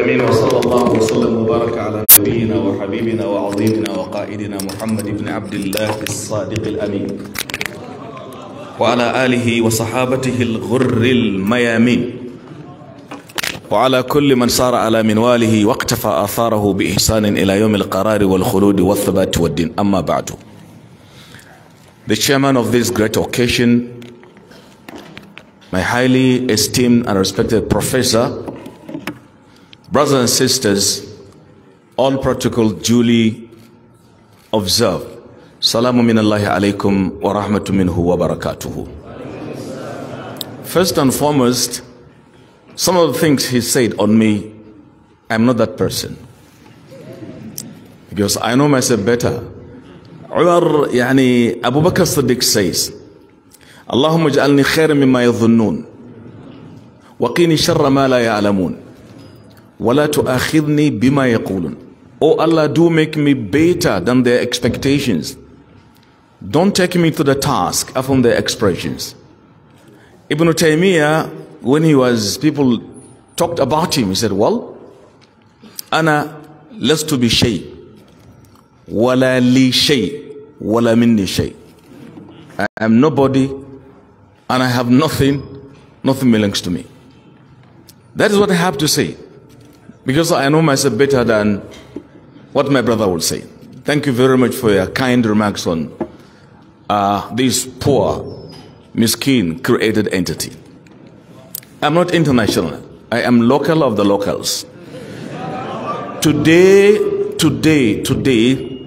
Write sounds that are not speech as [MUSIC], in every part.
أمين وصلى الله وسلم وبارك على نبينا وحبيبنا وعظيمنا وقائدنا محمد بن عبد الله الصادق الأمين وعلى آله وصحابته الغر الميامين وعلى كل من صار على منواله واقتفى آثاره بإحسان إلى يوم القرار والخلود والثبات والدين أما بعد The chairman of this great occasion, my highly esteemed and respected professor, Brothers and sisters, all protocol duly observed. Salamu minallahi alaykum wa rahmatu minhu wa barakatuhu. First and foremost, some of the things he said on me, I'm not that person. Because I know myself better. Umar, yani Abu Bakr Siddiq says, Allahumma ja'alni khairan mimma yadhunnun. وقيني شر ما لا يعلمون وَلَا تُؤَخِذْنِي bima yaqulun. Oh Allah, do make me better than their expectations. Don't take me to the task upon their expressions. Ibn Taymiyah, when he was, people talked about him, he said, well, to be shay wala li شيء wala مني shay I am nobody and I have nothing nothing belongs to me that is what I have to say because I know myself better than what my brother would say. Thank you very much for your kind remarks on uh, this poor, miskin, created entity. I'm not international. I am local of the locals. today, today, today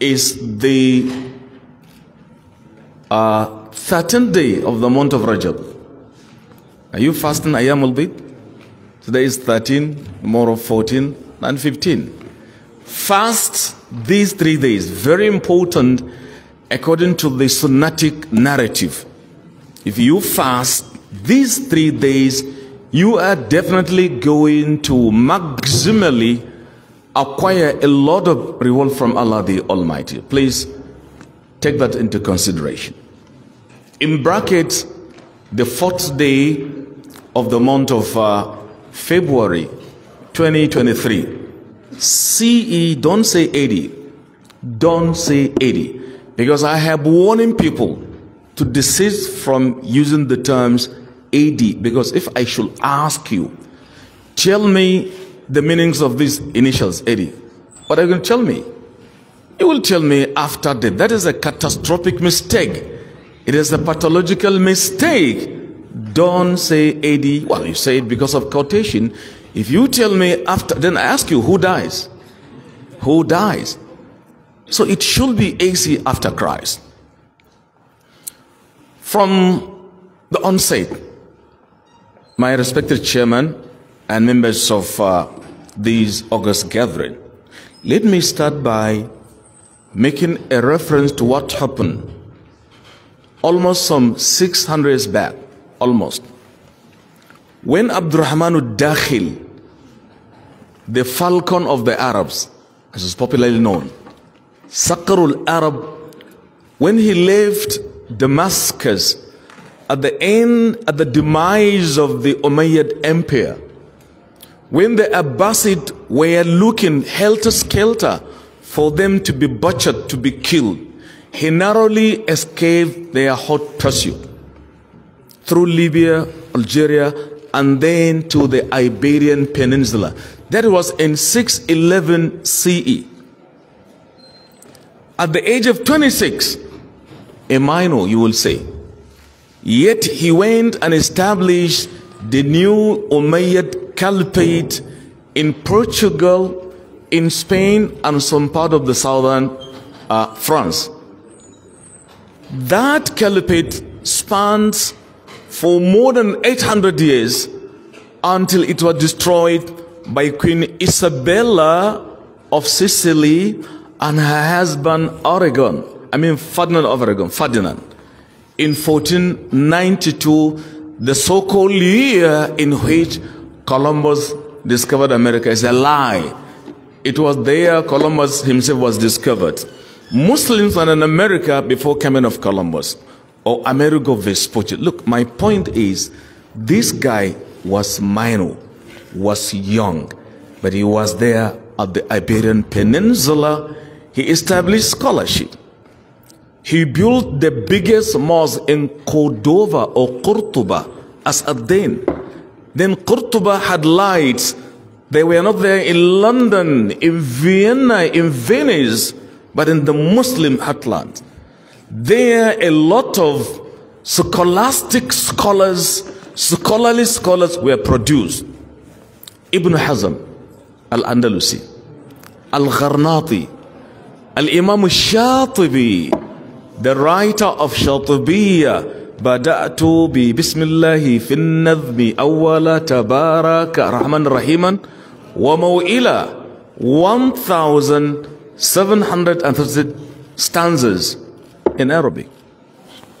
is the uh, 13th day of the month of Rajab. Are you fasting Ayamul Bid? Today is 13, tomorrow 14, and 15. Fast these three days, very important according to the Sunnatic narrative. If you fast these three days, you are definitely going to maximally acquire a lot of reward from Allah the Almighty. Please take that into consideration. In brackets, the fourth day of the month of uh, February 2023. CE, don't say 80. Don't say 80. Because I have warning people to desist from using the terms AD. Because if I should ask you, tell me the meanings of these initials, AD. What are you going to tell me? You will tell me after death. That is a catastrophic mistake. It is a pathological mistake don't say AD. Well, you say it because of quotation. If you tell me after, then I ask you, who dies? Who dies? So it should be AC after Christ. From the onset, my respected chairman and members of uh, this August gathering, let me start by making a reference to what happened almost some 600 years back almost. When Abdurrahman al-Dakhil, the falcon of the Arabs, as is popularly known, Saqqarul Arab, when he left Damascus at the end, at the demise of the Umayyad Empire, when the Abbasid were looking helter-skelter for them to be butchered, to be killed, he narrowly escaped their hot pursuit through Libya, Algeria, and then to the Iberian Peninsula. That was in 611 CE. At the age of 26, a minor, you will say, yet he went and established the new Umayyad Caliphate in Portugal, in Spain, and some part of the southern uh, France. That caliphate spans for more than 800 years until it was destroyed by Queen Isabella of Sicily and her husband Oregon, I mean Ferdinand of Oregon, Ferdinand. In 1492, the so-called year in which Columbus discovered America is a lie. It was there Columbus himself was discovered. Muslims were in America before coming of Columbus or Amerigo Vespucci. Look, my point is this guy was minor, was young, but he was there at the Iberian Peninsula. He established scholarship. He built the biggest mosque in Cordova or Cordoba as a then. Then Cordoba had lights. They were not there in London, in Vienna, in Venice, but in the Muslim heartland. There, a lot of scholastic scholars, scholarly scholars were produced. Ibn Hazm, Al-Andalusi, Al-Gharnati, Al-Imam Shatibi, the writer of Shatibiyah, بدأت ببسم الله في النظم أول تبارك رحمن رحيما وموئلا 1730 stanzas in Arabic,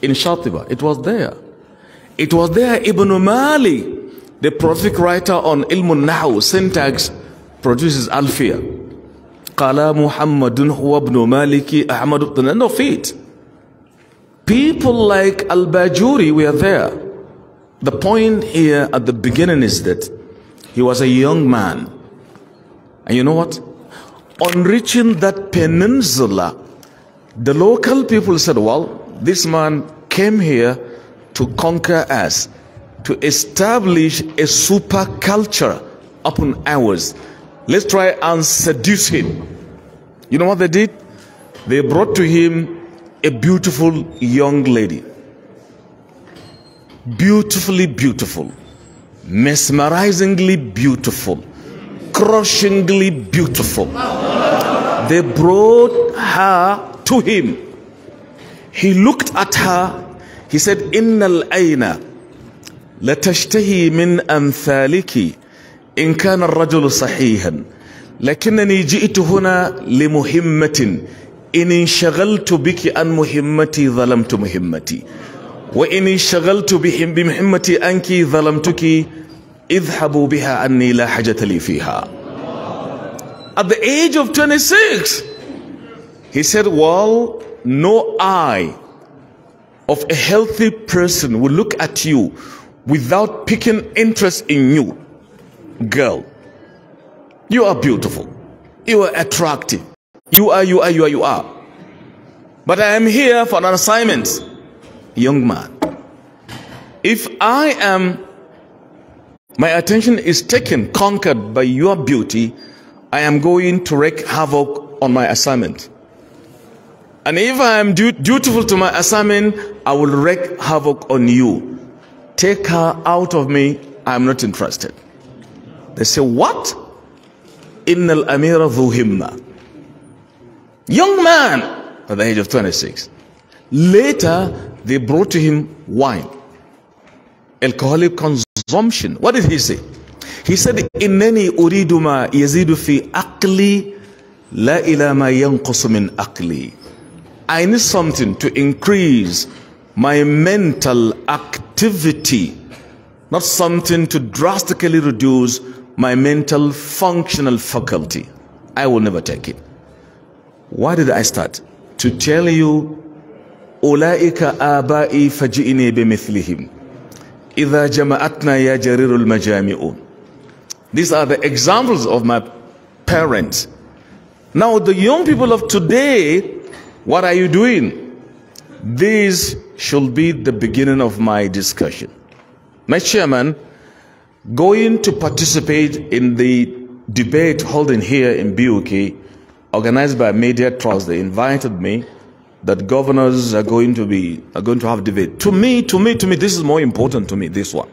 in Shatiba. It was there. It was there Ibn Mali, the prolific writer on Ilmun Nahu, syntax, produces Alfia. Qala Muhammadun huwa ibn Maliki Ahmad ibn end of it. People like Al-Bajuri were there. The point here at the beginning is that he was a young man. And you know what? On reaching that peninsula the local people said, well, this man came here to conquer us, to establish a super culture upon ours. Let's try and seduce him. You know what they did? They brought to him a beautiful young lady. Beautifully beautiful. Mesmerizingly beautiful. Crushingly beautiful. They brought her to him. He looked at her. He said, Innal aina لتشتهي من أمثالك إن كان الرجل صحيحا لكنني جئت هنا لمهمة إن انشغلت بك أَنْ مهمتي ظلمت مهمتي وإن انشغلت بمهمتي أنك ظلمتك اذهبوا بها أني لا حاجة لي فيها At the age of 26 He said, Well, no eye of a healthy person will look at you without picking interest in you. Girl, you are beautiful. You are attractive. You are, you are, you are, you are. But I am here for an assignment, young man. If I am, my attention is taken, conquered by your beauty, I am going to wreak havoc on my assignment. And if I am dutiful to my assignment, I will wreak havoc on you. Take her out of me. I'm not interested. They say, what? Innal amira dhuhimna. Young man at the age of 26. Later, they brought to him wine. Alcoholic consumption. What did he say? He said, Innani uriduma ma yazidu fi aqli la ila ma yanqusu min aqli. I need something to increase my mental activity, not something to drastically reduce my mental functional faculty. I will never take it. Why did I start? To tell you, أولئك آبائي فجئني بمثلهم إذا جمعتنا يا جرير المجامع These are the examples of my parents. Now the young people of today what are you doing? This should be the beginning of my discussion. My chairman, going to participate in the debate holding here in BUK, organized by Media Trust, they invited me that governors are going to be are going to have debate. To me, to me, to me, this is more important to me, this one.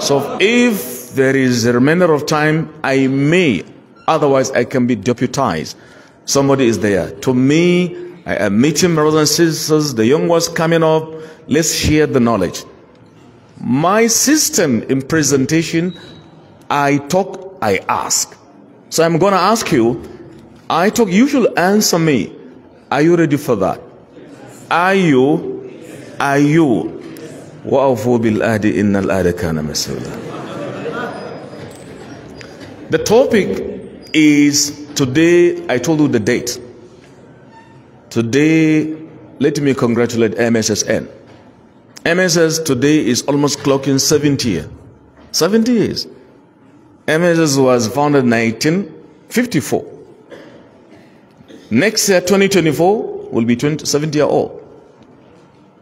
So if there is a remainder of time, I may, otherwise I can be deputized. Somebody is there. To me, I am meeting brothers and sisters, the young ones coming up. Let's share the knowledge. My system in presentation, I talk, I ask. So I'm going to ask you, I talk, you should answer me. Are you ready for that? Are you? Are you? وأوفوا إن كان The topic is today, I told you the date. Today, let me congratulate MSSN. MSS today is almost clocking 70 years. 70 years. MSS was founded in 1954. Next year, 2024, will be 20, 70 years old.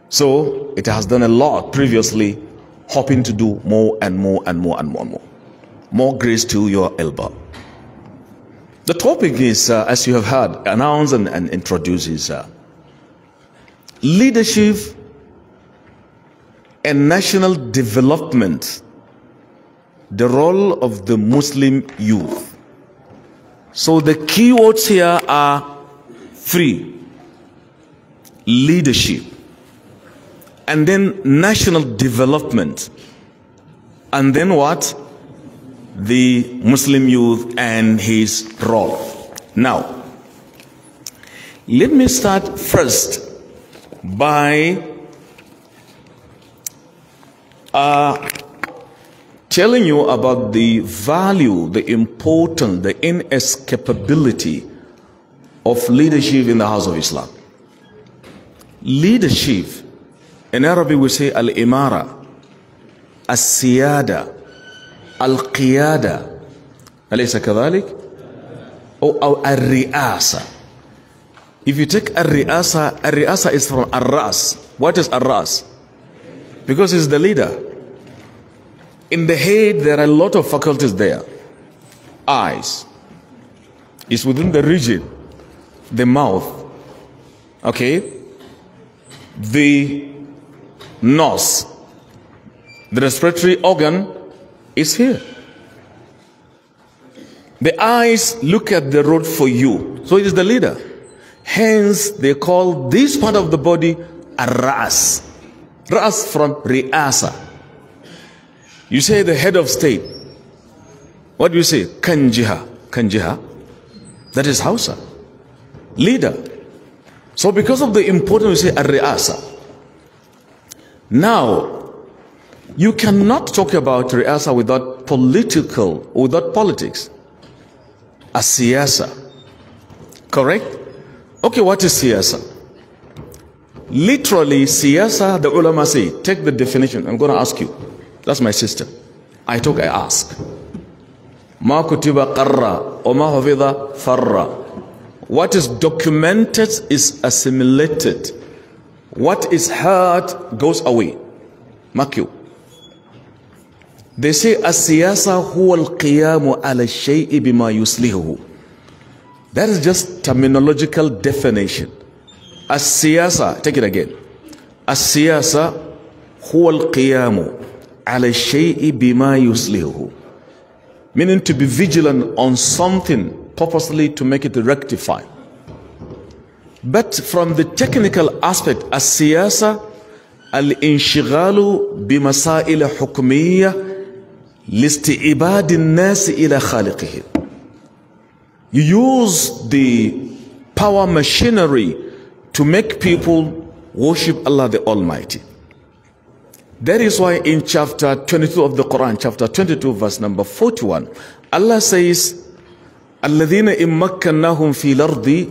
So it has done a lot previously, hoping to do more and more and more and more and more. More grace to your elbow. The topic is, uh, as you have heard, announced and, and introduced, is uh, leadership and national development, the role of the Muslim youth. So the key words here are three, leadership, and then national development, and then what? the Muslim youth and his role. Now, let me start first by uh, telling you about the value, the importance, the inescapability of leadership in the house of Islam. Leadership, in Arabic we say al-imara, as-siyada, القيادة أليس كذلك؟ أو, أو الرئاسة If you take الرئاسة الرئاسة is from الرأس What is الرأس? Because it's the leader In the head there are a lot of faculties there Eyes it's within the region the mouth okay the nose the respiratory organ is here. The eyes look at the road for you. So it is the leader. Hence, they call this part of the body a ras. Ras from riasa. You say the head of state. What do you say? Kanjiha. Kanjiha. That is Hausa. Leader. So because of the importance, we say a riasa. Now, you cannot talk about Riasa without political, without politics. A siyasa. Correct? Okay, what is siyasa? Literally, siyasa, the ulama say, take the definition. I'm going to ask you. That's my sister. I talk, I ask. Ma kutiba qarra, o ma hafidha farra. What is documented is assimilated. What is heard goes away. Mark you. They say as-siyasa huwa al-qiyamu ala shay'i bima yuslihu. That is just terminological definition. As-siyasa, take it again. As-siyasa huwa al-qiyamu ala shay'i bima yuslihu. Meaning to be vigilant on something purposely to make it rectify. But from the technical aspect, as-siyasa al-inshigalu لاستعباد الناس إلى خالقهم. You use the power machinery to make people worship Allah the Almighty. That is why in chapter 22 of the Quran, chapter 22, verse number 41, Allah says, الذين إن مكناهم في الأرض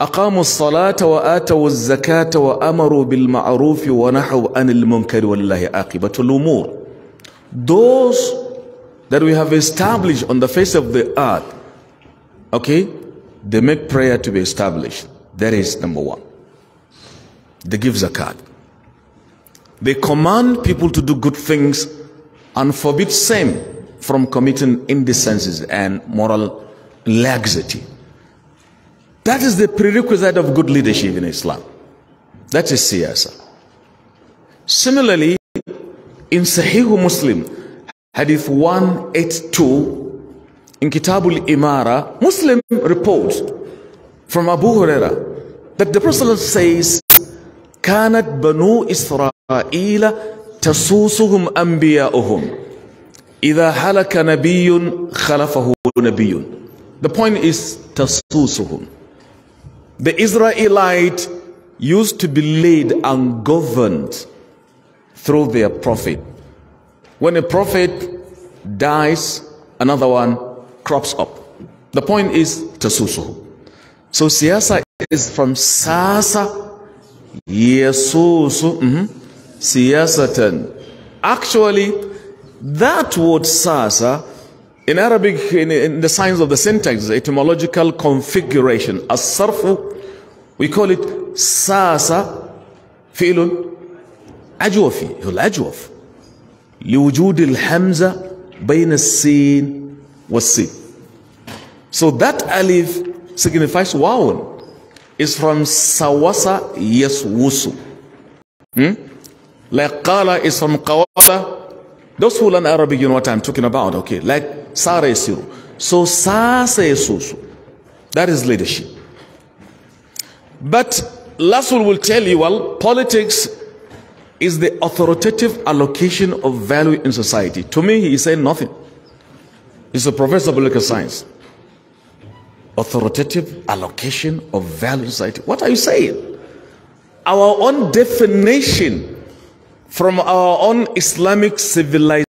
أقاموا الصلاة وآتوا الزكاة وأمروا بالمعروف ونحوا عن المنكر ولله عاقبة الأمور. those that we have established on the face of the earth, okay, they make prayer to be established. That is number one. They give zakat. They command people to do good things and forbid same from committing indecencies and moral laxity. That is the prerequisite of good leadership in Islam. That is siyasa. Similarly, in Sahih Muslim, Hadith 182, in Kitabul Imara, Muslim reports from Abu Huraira that the Prophet says, كانت بنو إسرائيل تسوسهم أنبياؤهم إذا هلك نبي خلفه نبي The point is تسوسهم The Israelite used to be led and governed through their prophet. When a prophet dies, another one crops up. The point is tasusu. So Siasa is from sasa yesusu mm -hmm. Actually, that word sasa in Arabic, in, in the signs of the syntax, etymological configuration, as sarfu, we call it sasa filun عجوفي هو العجوف لوجود الحمزة بين السين والسين So that alif signifies wawun. is from sawasa yaswusu. Hmm? Like qala is from qawala. Those who learn Arabic, you know what I'm talking about. Okay, like sara yasiru. So sasa yasusu. That is leadership. But Lasul will tell you, well, politics is the authoritative allocation of value in society. To me, he is saying nothing. He's a professor of political science. Authoritative allocation of value in society. What are you saying? Our own definition from our own Islamic civilizational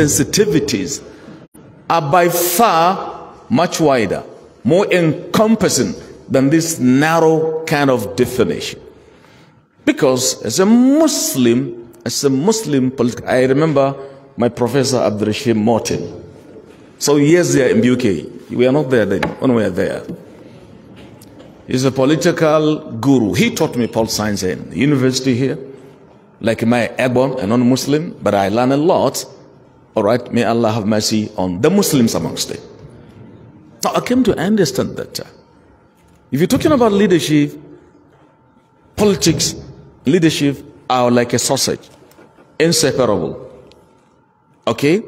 sensitivities are by far much wider, more encompassing than this narrow kind of definition. Because as a Muslim, as a Muslim, I remember my professor Abdurashim Morton. So years there in UK. We are not there then, when we are there. He's a political guru. He taught me Paul science in university here. Like my Ebon, a non-Muslim, but I learned a lot. All right, may Allah have mercy on the Muslims amongst them. Now I came to understand that. Uh, if you're talking about leadership, politics, leadership are like a sausage, inseparable. Okay?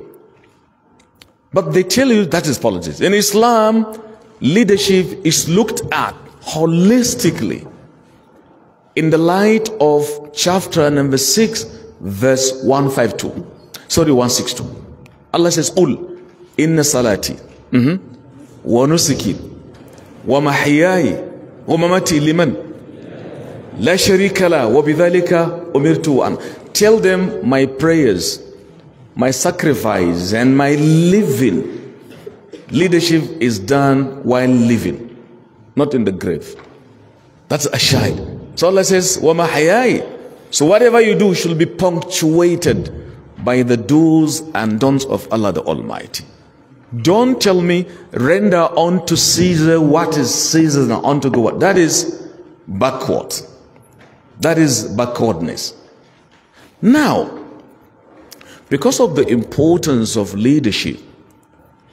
But they tell you that is politics. In Islam, leadership is looked at holistically in the light of chapter number 6, verse 152. Sorry, 162. Allah says, Ul, inna salati, mm -hmm. wa nusuki, wa mahiyayi, wa mamati liman. La sharika wa bidhalika umirtu an. Tell them my prayers, my sacrifice and my living. Leadership is done while living, not in the grave. That's a shahid. So Allah says, "Wama hayai." So whatever you do should be punctuated by the do's and don'ts of Allah the Almighty. Don't tell me, render unto Caesar what is Caesar's and unto God. That is backward. That is backwardness. Now, because of the importance of leadership,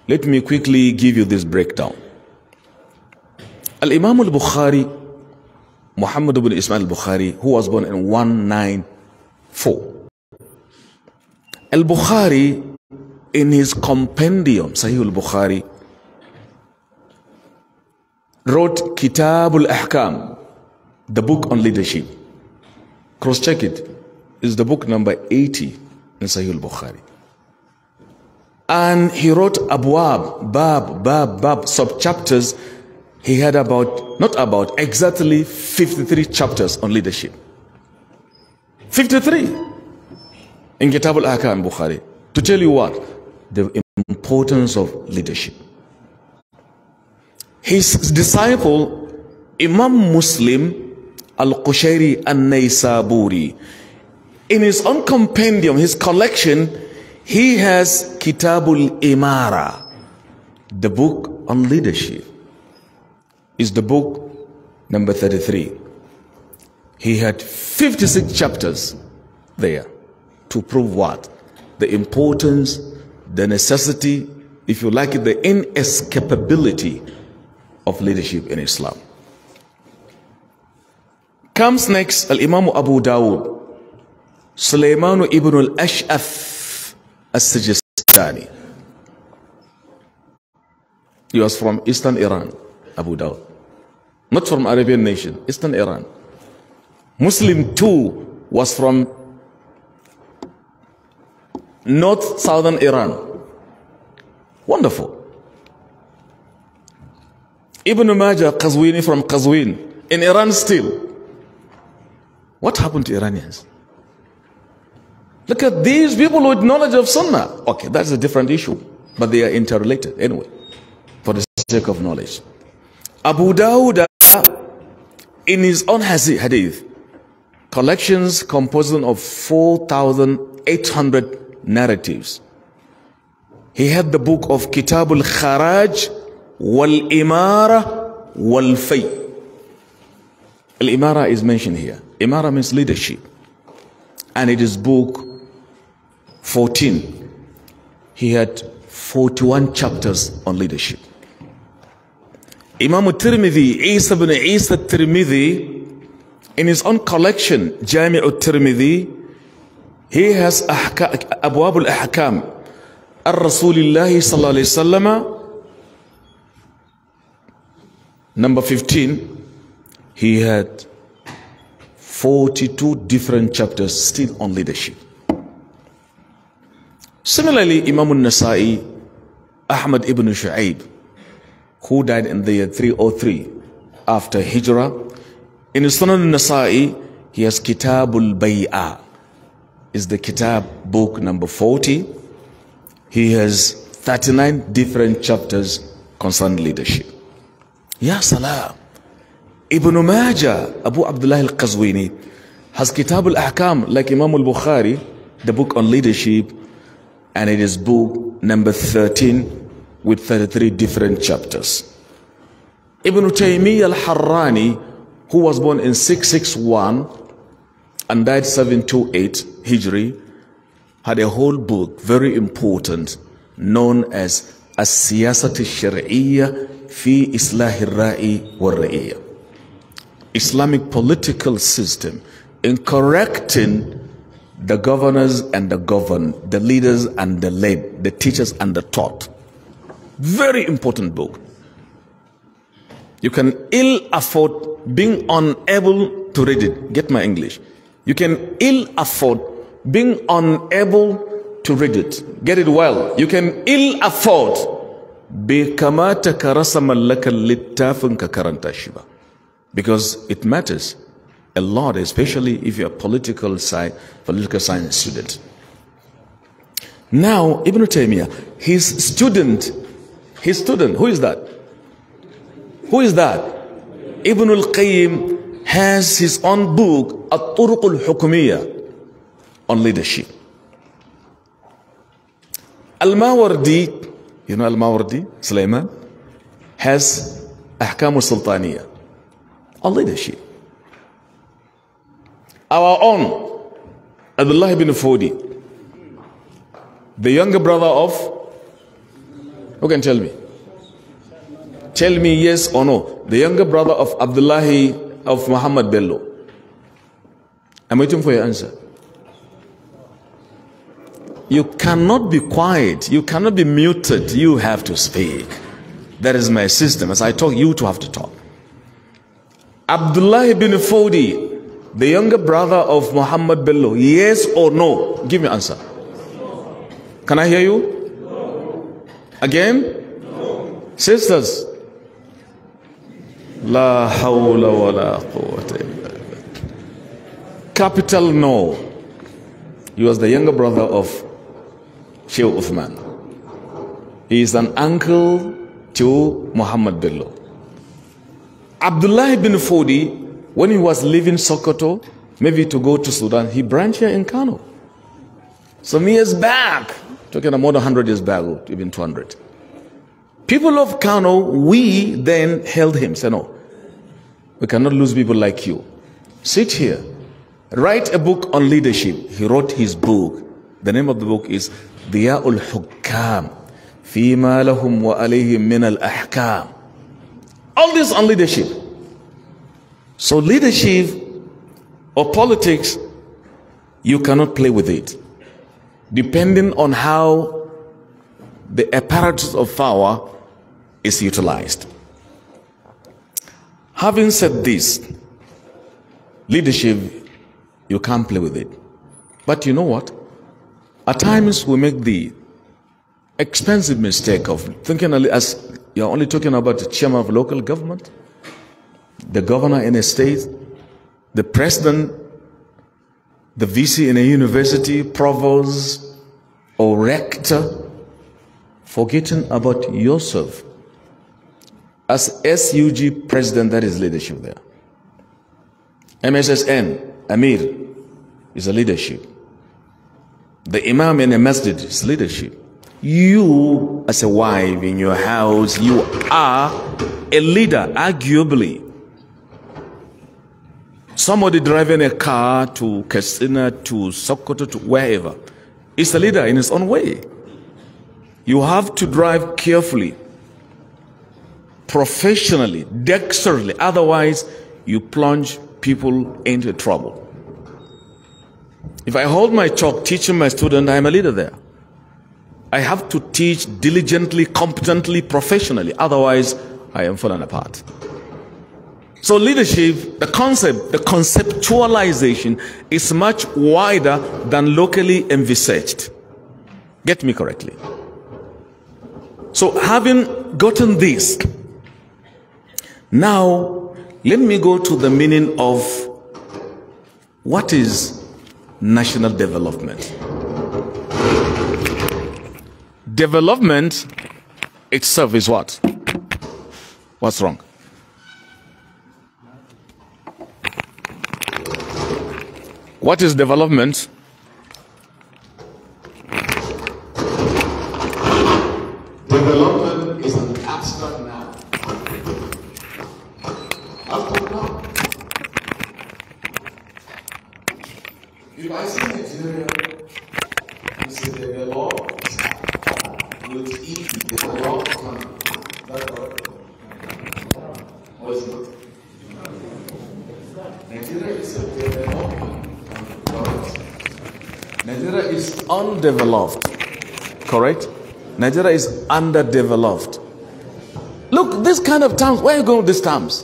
let me quickly give you this breakdown. Al Imam al Bukhari, Muhammad ibn Ismail al Bukhari, who was born in 194. Al Bukhari, in his compendium, Sahih al Bukhari, wrote Kitab al Ahkam, the book on leadership. Cross check It's the book number 80 in Sahih Bukhari. And he wrote Abwab, Bab, Bab, Bab, sub chapters. He had about, not about, exactly 53 chapters on leadership. 53 in Kitab al Akam Bukhari. To tell you what, the importance of leadership. His disciple, Imam Muslim, Al-Qushayri An-Naysaburi. In his own compendium, his collection, he has Kitabul Imara, the book on leadership. Is the book number 33. He had 56 chapters there to prove what? The importance, the necessity, if you like it, the inescapability of leadership in Islam. Comes next Al-Imam Abu Dawud, Sulaiman ibn al-Ash'af as sijistani He was from eastern Iran, Abu Dawud. Not from Arabian nation, eastern Iran. Muslim too was from north southern Iran. Wonderful. Ibn Majah, Qazwini from Qazwin, in Iran still. What happened to Iranians? Look at these people with knowledge of Sunnah. Okay, that's a different issue, but they are interrelated anyway, for the sake of knowledge. Abu Dawud, in his own hadith, collections composing of 4,800 narratives. He had the book of Kitabul Kharaj wal Imara wal Fay. Al Imara is mentioned here. Imara means leadership. And it is book 14. He had 41 chapters on leadership. Imam Tirmidhi, Isa ibn Isa Tirmidhi, in his own collection, Jami' tirmidhi he has Abwab al-Ahkam, الرسول الله صلى الله عليه وسلم number 15 he had 42 different chapters still on leadership. Similarly, Imam al-Nasai, Ahmad ibn Shu'aib, who died in the year 303 after Hijrah, in Sunan al-Nasai, he has Kitabul Baya, is the Kitab book number 40. He has 39 different chapters concerning leadership. Ya Salah. Ibn Majah, Abu Abdullah al-Qazwini, has Kitab al-Ahkam, like Imam al-Bukhari, the book on leadership, and it is book number 13 with 33 different chapters. Ibn Taymiyyah al harani who was born in 661 and died 728 Hijri, had a whole book, very important, known as As-Siyasat al-Shar'iyya fi Islah al-Ra'i wal Islamic political system in correcting the governors and the governed, the leaders and the led, the teachers and the taught. Very important book. You can ill afford being unable to read it. Get my English. You can ill afford being unable to read it. Get it well. You can ill afford. be kamata ka rasa mallakar littafin karanta because it matters a lot, especially if you're a political, sci political science student. Now, Ibn Taymiyyah, his student, his student, who is that? Who is that? Ibn al-Qayyim has his own book, At-Turuq al-Hukumiyya, on leadership. Al-Mawardi, you know Al-Mawardi, Sulaiman, has Ahkam al sultaniyah on leadership. Our own, Abdullah ibn Fodi, the younger brother of, who can tell me? Tell me yes or no. The younger brother of Abdullahi of Muhammad Bello. I'm waiting for your answer. You cannot be quiet. You cannot be muted. You have to speak. That is my system. As I talk, you too have to talk. Abdullah ibn Fodi, the younger brother of Muhammad Bello, yes or no? Give me answer. Can I hear you? Again? Sisters. La hawla wa la quwwata Capital no. He was the younger brother of Sheikh Uthman. He is an uncle to Muhammad Bello. Abdullah ibn Fodi, when he was leaving Sokoto, maybe to go to Sudan, he branched here in Kano. Some years back, talking about more than 100 years back, even 200. People of Kano, we then held him, said, no, we cannot lose people like you. Sit here, write a book on leadership. He wrote his book. The name of the book is Diya'ul Hukkam. wa لهم min al-Ahkam." All this on leadership. So, leadership or politics, you cannot play with it. Depending on how the apparatus of power is utilized. Having said this, leadership, you can't play with it. But you know what? At times we make the expensive mistake of thinking as you're only talking about the chairman of local government, the governor in a state, the president, the VC in a university, provost, or rector, forgetting about yourself. As SUG president, that is leadership there. MSSN, Amir, is a leadership. The imam in a masjid is leadership you as a wife in your house you are a leader arguably somebody driving a car to Katsina to Sokoto to wherever is a leader in his own way you have to drive carefully professionally dexterously otherwise you plunge people into trouble if I hold my chalk teaching my student I'm a leader there I have to teach diligently, competently, professionally. Otherwise, I am falling apart. So leadership, the concept, the conceptualization is much wider than locally envisaged. Get me correctly. So having gotten this, now let me go to the meaning of what is national development development itself is what? What's wrong? What is development? Development. Nigeria is underdeveloped. Look, this kind of terms, where are you going with these terms?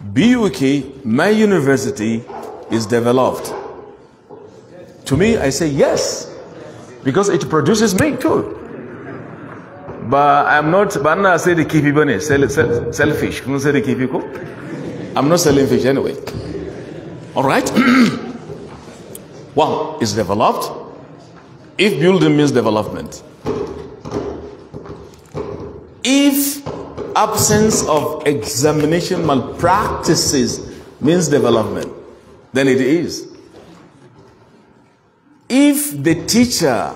BUK, my university, is developed. To me, I say yes, because it produces me too. But I'm not, but i say the key people, sell, sell, sell fish. I'm not the I'm not selling fish anyway. All right? well, [CLEARS THROAT] it's developed. If building means development, if absence of examination malpractices means development, then it is. If the teacher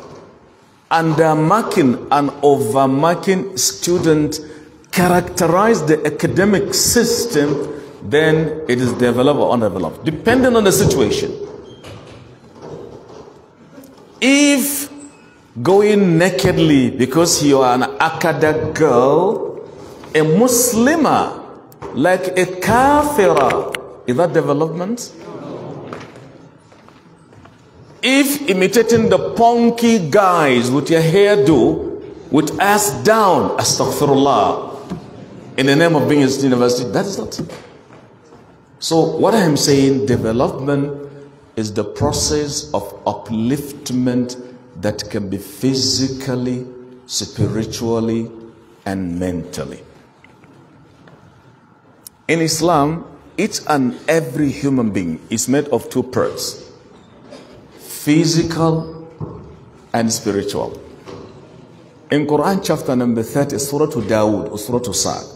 undermarking and overmarking student characterize the academic system, then it is developed or undeveloped, depending on the situation. If going nakedly because you are an Akada girl, a Muslima, like a kafira, is that development? If imitating the punky guys with your hairdo, with ass down, astaghfirullah, in the name of being a university, that is not. So what I am saying, development is the process of upliftment that can be physically, spiritually, and mentally. In Islam, each and every human being is made of two parts physical and spiritual. In Quran chapter number 30, Surah to Dawood, Surah to Sa'd,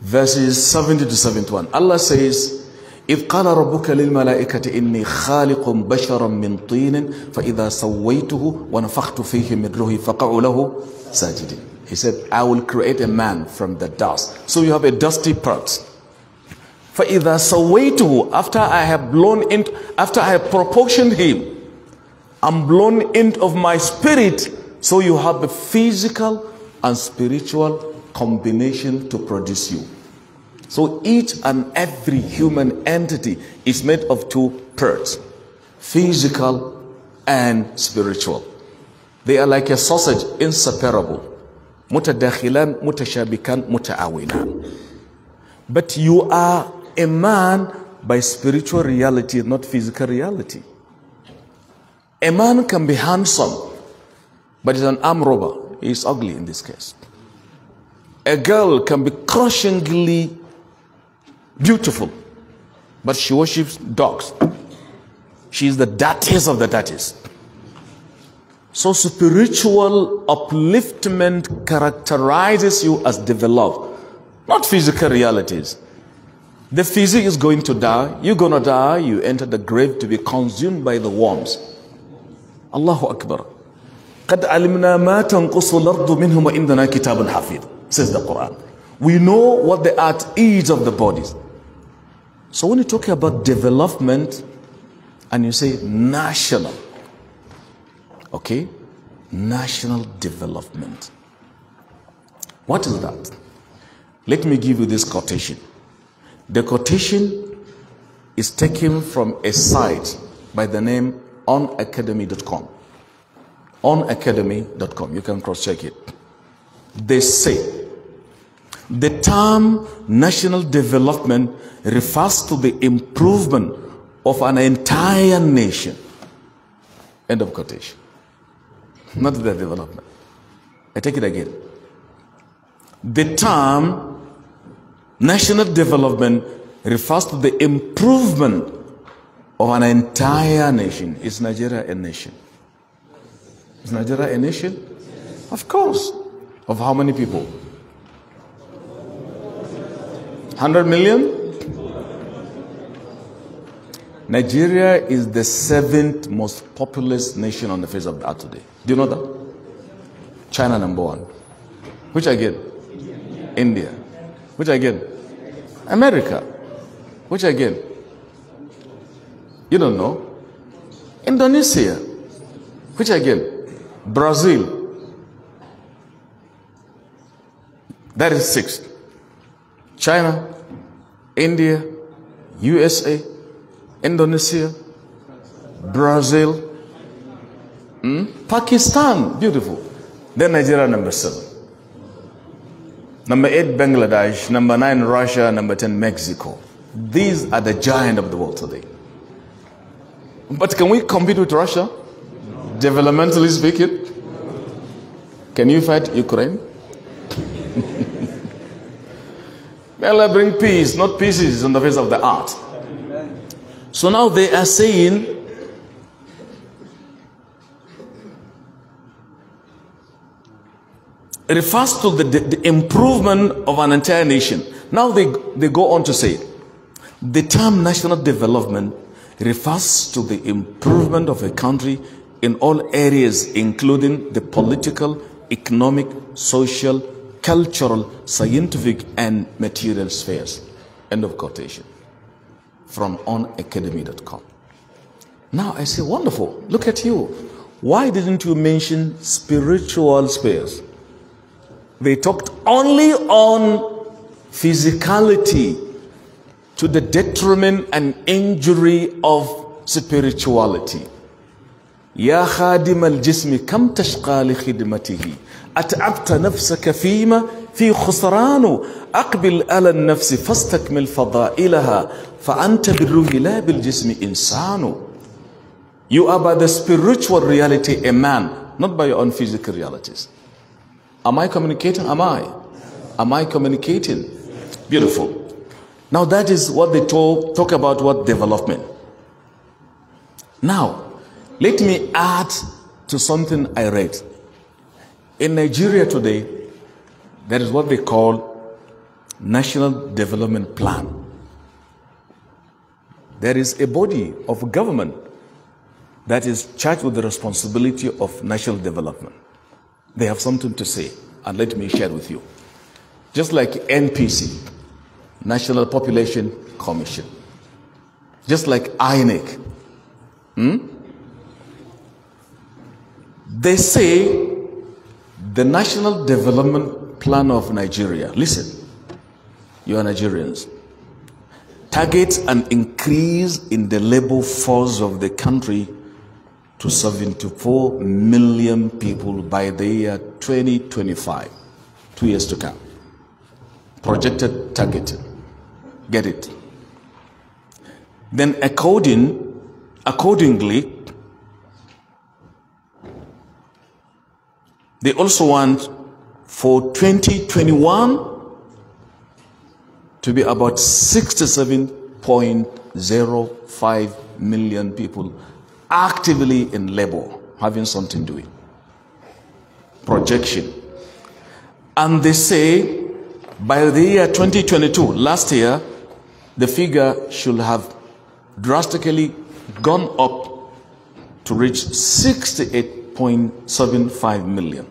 verses 70 to 71, Allah says, إذ قال ربك للملائكة إني خالق بشرا من طين فإذا سويته ونفخت فيه من روحي فقعوا له ساجدين He said, I will create a man from the dust. So you have a dusty part. فإذا سويته after I have blown in, after I have proportioned him, I'm blown in of my spirit. So you have a physical and spiritual combination to produce you. So each and every human entity is made of two parts physical and spiritual. They are like a sausage, inseparable. Mutadakhilan, mutashabikan, mutaawinan. But you are a man by spiritual reality, not physical reality. A man can be handsome, but he's an arm robber. He's ugly in this case. A girl can be crushingly beautiful, but she worships dogs. She is the dirtiest of the dirtiest. So spiritual upliftment characterizes you as developed, not physical realities. The physique is going to die. You're going to die. You enter the grave to be consumed by the worms. Allahu Akbar. says the Quran. We know what the art is of the bodies. So when you talk about development and you say national, okay, national development. What is that? Let me give you this quotation. The quotation is taken from a site by the name onacademy.com. Onacademy.com. You can cross check it. They say, the term national development refers to the improvement of an entire nation. End of quotation. Not the development. I take it again. The term national development refers to the improvement of an entire nation. Is Nigeria a nation? Is Nigeria a nation? Of course. Of how many people? 100 million? Nigeria is the seventh most populous nation on the face of the earth today. Do you know that? China number one. Which again? India. Which again? America. Which again? You don't know. Indonesia. Which again? Brazil. That is sixth. China, India, USA, Indonesia, Brazil, hmm? Pakistan, beautiful. Then Nigeria, number seven. Number eight, Bangladesh. Number nine, Russia. Number ten, Mexico. These are the giant of the world today. But can we compete with Russia? Developmentally speaking? Can you fight Ukraine? [LAUGHS] Allah bring peace, not pieces on the face of the earth. So now they are saying, refers to the, the, the, improvement of an entire nation. Now they, they go on to say, the term national development refers to the improvement of a country in all areas, including the political, economic, social, cultural, scientific, and material spheres. End of quotation from onacademy.com. Now I say, wonderful, look at you. Why didn't you mention spiritual spheres? They talked only on physicality to the detriment and injury of spirituality. يا خادم الجسم كم تشقى لخدمته أتعبت نفسك فيما في خسران أقبل ألا النفس فاستكمل فضائلها فأنت بالروح لا بالجسم إنسان You are by the spiritual reality a man, not by your own physical realities. Am I communicating? Am I? Am I communicating? Beautiful. Now that is what they talk, talk about what development. Now, let me add to something I read. In Nigeria today, there is what they call National Development Plan. There is a body of government that is charged with the responsibility of national development. They have something to say, and let me share with you. Just like NPC, National Population Commission, just like INEC, hmm? they say the National Development Plan of Nigeria, listen, you are Nigerians, targets an increase in the labor force of the country to 74 million people by the year 2025, two years to come. Projected target. Get it? Then according, accordingly, They also want for 2021 to be about 67.05 million people actively in labor, having something doing. Projection. And they say by the year 2022, last year, the figure should have drastically gone up to reach 68 8.75 million.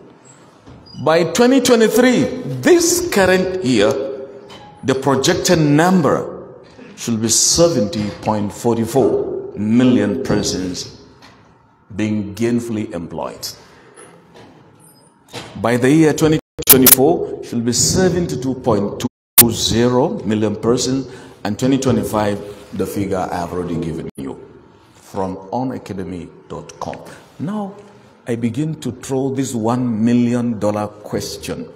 By 2023, this current year, the projected number should be 70.44 million persons being gainfully employed. By the year 2024, it should be 72.20 million persons, and 2025, the figure I have already given you from onacademy.com. Now, I begin to throw this one million dollar question.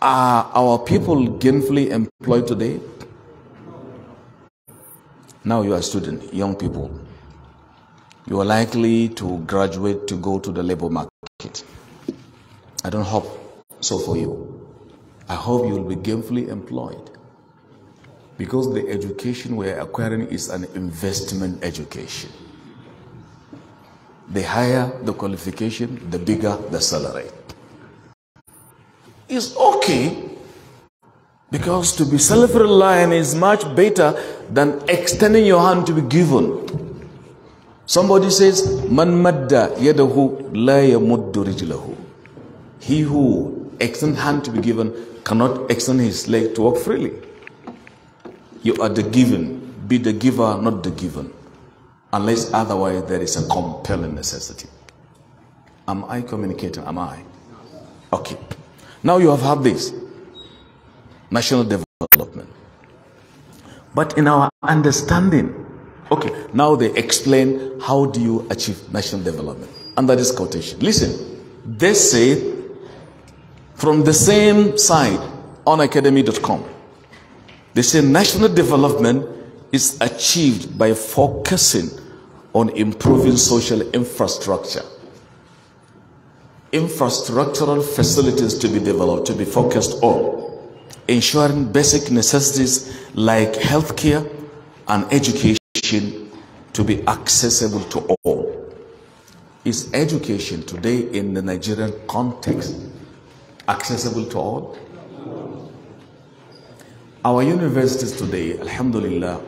Are our people gainfully employed today? Now you are a student, young people. You are likely to graduate to go to the labor market. I don't hope so for you. I hope you will be gainfully employed because the education we are acquiring is an investment education. The higher the qualification, the bigger the salary. It's okay because to be self reliant is much better than extending your hand to be given. Somebody says, Man madda yadahu la yamuddu rijlahu. He who extends hand to be given cannot extend his leg to walk freely. You are the given. Be the giver, not the given unless otherwise there is a compelling necessity. Am I communicating? Am I? Okay. Now you have had this national development. But in our understanding, okay, now they explain how do you achieve national development under this quotation. Listen, they say from the same side on academy.com, they say national development is achieved by focusing on improving social infrastructure. Infrastructural facilities to be developed, to be focused on, ensuring basic necessities like healthcare and education to be accessible to all. Is education today in the Nigerian context accessible to all? Our universities today, alhamdulillah,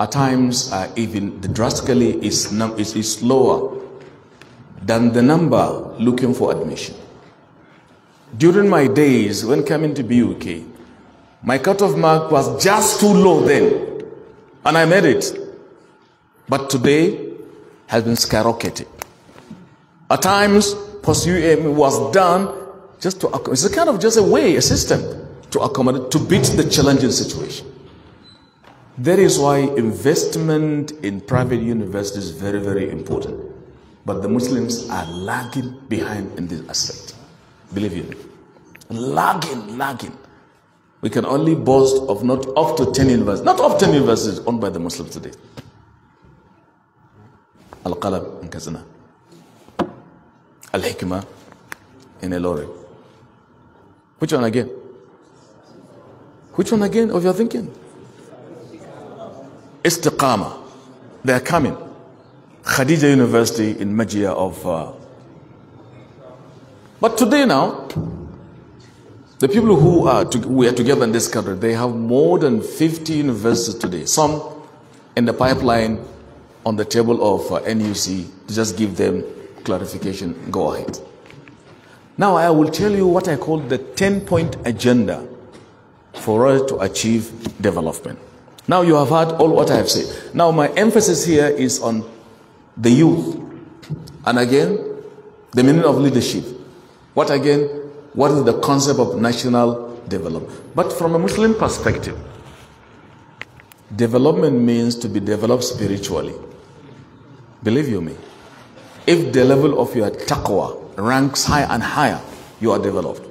at times uh, even drastically is, is, is lower than the number looking for admission. During my days when coming to BUK, my cutoff mark was just too low then, and I made it. But today has been skyrocketed. At times, post UAM was done just to it's a kind of just a way, a system to accommodate to beat the challenging situation. That is why investment in private universities is very, very important. But the Muslims are lagging behind in this aspect. Believe you. Lagging, lagging. We can only boast of not up to 10 universities, not up to 10 universities owned by the Muslims today. Al Qalab in Kazana, Al Hikmah in Elore. Which one again? Which one again of your thinking? Istiqama. They're coming. Khadija University in Majia of. Uh... But today now, the people who are to, we are together in this country, they have more than 50 universities today. Some in the pipeline on the table of uh, NUC to just give them clarification. Go ahead. Now I will tell you what I call the 10 point agenda for us to achieve development. Now you have heard all what I have said. Now my emphasis here is on the youth. And again, the meaning of leadership. What again? What is the concept of national development? But from a Muslim perspective, development means to be developed spiritually. Believe you me. If the level of your taqwa ranks higher and higher, you are developed.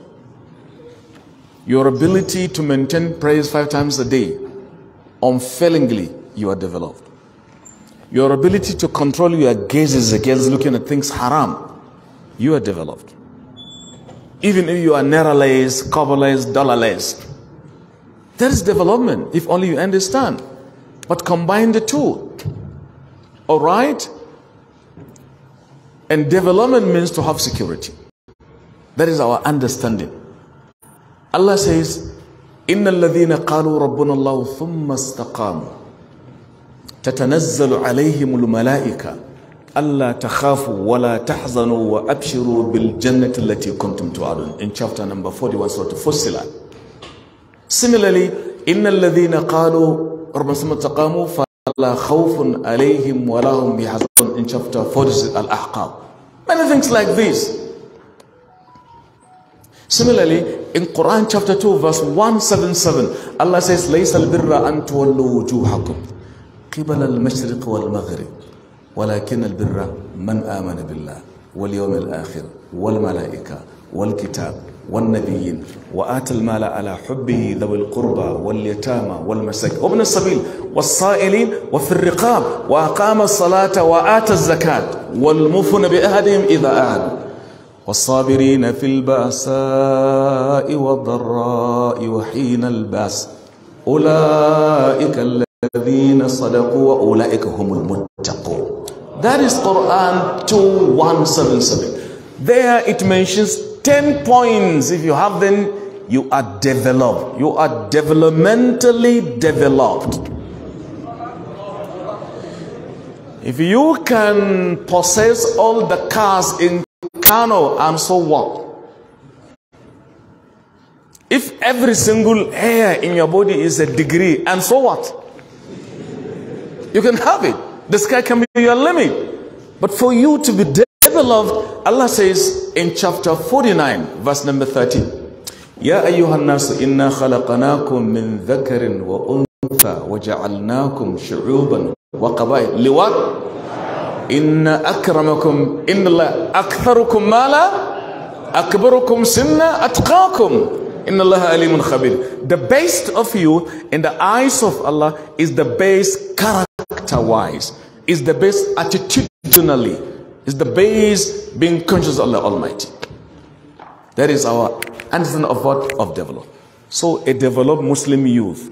Your ability to maintain prayers five times a day unfailingly you are developed. Your ability to control your gazes against looking at things haram, you are developed. Even if you are narrowless, coverless, dollarless, there is development if only you understand. But combine the two. All right? And development means to have security. That is our understanding. Allah says, إن الذين قالوا ربنا الله ثم استقاموا تتنزل عليهم الملائكة ألا تخافوا ولا تحزنوا وأبشروا بالجنة التي كنتم توعدون in chapter number 41 سورة فصلت similarly إن الذين قالوا ربنا ثم استقاموا فلا خوف عليهم ولا هم يحزنون in chapter 46 الأحقاب many things like this Similarly, in Quran chapter 2, verse 177, Allah says, لَيْسَ الْبِرَّ أَن تُوَلُّوا وُجُوهَكُمْ قِبَلَ الْمَشْرِقِ وَالْمَغْرِبِ ولكن البر من آمن بالله واليوم الآخر والملائكة والكتاب والنبيين وآت المال على حبه ذوي القربى واليتامى والمساكين وابن السبيل والصائلين وفي الرقاب وأقام الصلاة وآتى الزكاة والمفن بأهدهم إذا أعدوا والصابرين في البأساء والضراء وحين البأس أولئك الذين صدقوا وأولئك هم المتقون That is Quran 2177 There it mentions 10 points If you have them you are developed You are developmentally developed If you can possess all the cars in Colonel, I'm so what? If every single hair in your body is a degree, and so what? You can have it. The sky can be your limit. But for you to be developed, Allah says in chapter 49, verse number 30. يا أيها الناس إنا خلقناكم من ذكر وأنثى وجعلناكم شعوبا وقبائل لوات إن أكرمكم إن الله أكثركم مالا أكبركم سنا أتقاكم إن الله أليم خبير The best of you in the eyes of Allah is the best character wise is the best attitudinally is the base being conscious of Allah Almighty that is our understanding of what of develop so a developed Muslim youth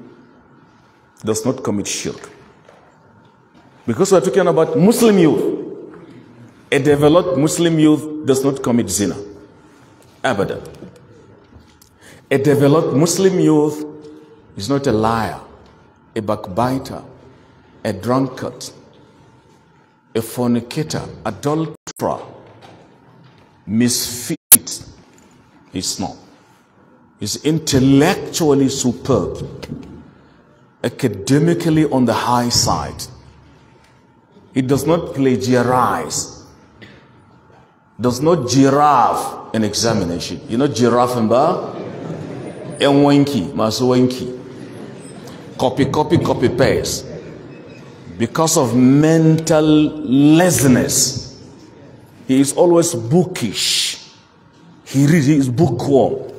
does not commit shirk because we're talking about Muslim youth. A developed Muslim youth does not commit zina. Abadan. A developed Muslim youth is not a liar, a backbiter, a drunkard, a fornicator, adulterer, misfit. He's not. He's intellectually superb, academically on the high side it does not plagiarize. Does not giraffe an examination. You know giraffe and bar? And wanki, masu wanki. Copy, copy, copy, paste. Because of mental laziness. He is always bookish. He reads, he is bookworm.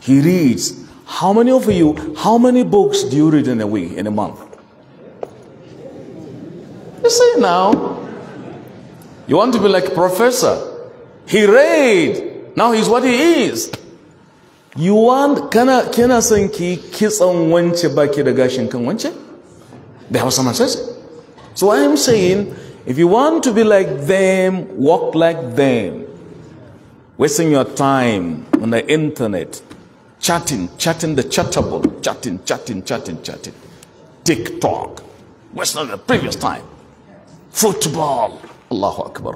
He reads. How many of you, how many books do you read in a week, in a month? You see now, you want to be like professor. He read. Now he's what he is. You want, kana, kina son ki kitson wance baki da gashin kan wance? The Hausa man says. So I am saying, if you want to be like them, walk like them. Wasting your time on the internet, chatting, chatting the chatable, chatting, chatting, chatting, chatting. TikTok. Wasting the previous time football. Allahu Akbar.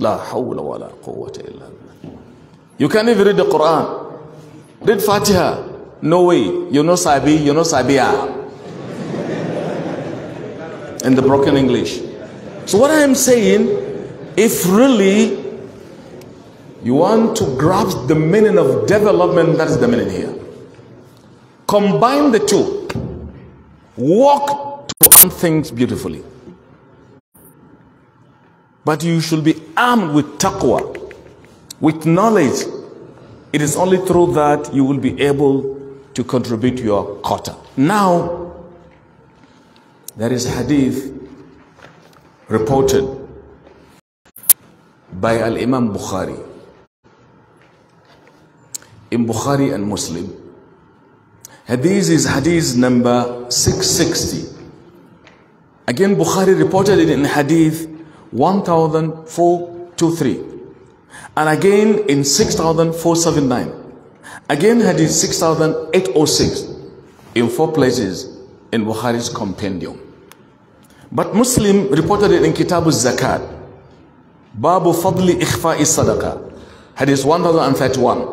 La hawla wa la quwwata illa You can even read the Quran. Read Fatiha. No way. you know Sabi, you know not Sabiya. In the broken English. So what I'm saying, if really you want to grasp the meaning of development, that is the meaning here. Combine the two. Walk to things beautifully. But you should be armed with taqwa, with knowledge. It is only through that you will be able to contribute your quota. Now, there is hadith reported by Al Imam Bukhari. In Bukhari and Muslim, hadith is hadith number 660. Again, Bukhari reported it in hadith 1423. And again in 6479. Again hadith 6806 in four places in Bukhari's compendium. But Muslim reported it in Kitab al-Zakat. Babu Fadli Ikhfa'i Sadaqa. Hadith 1031.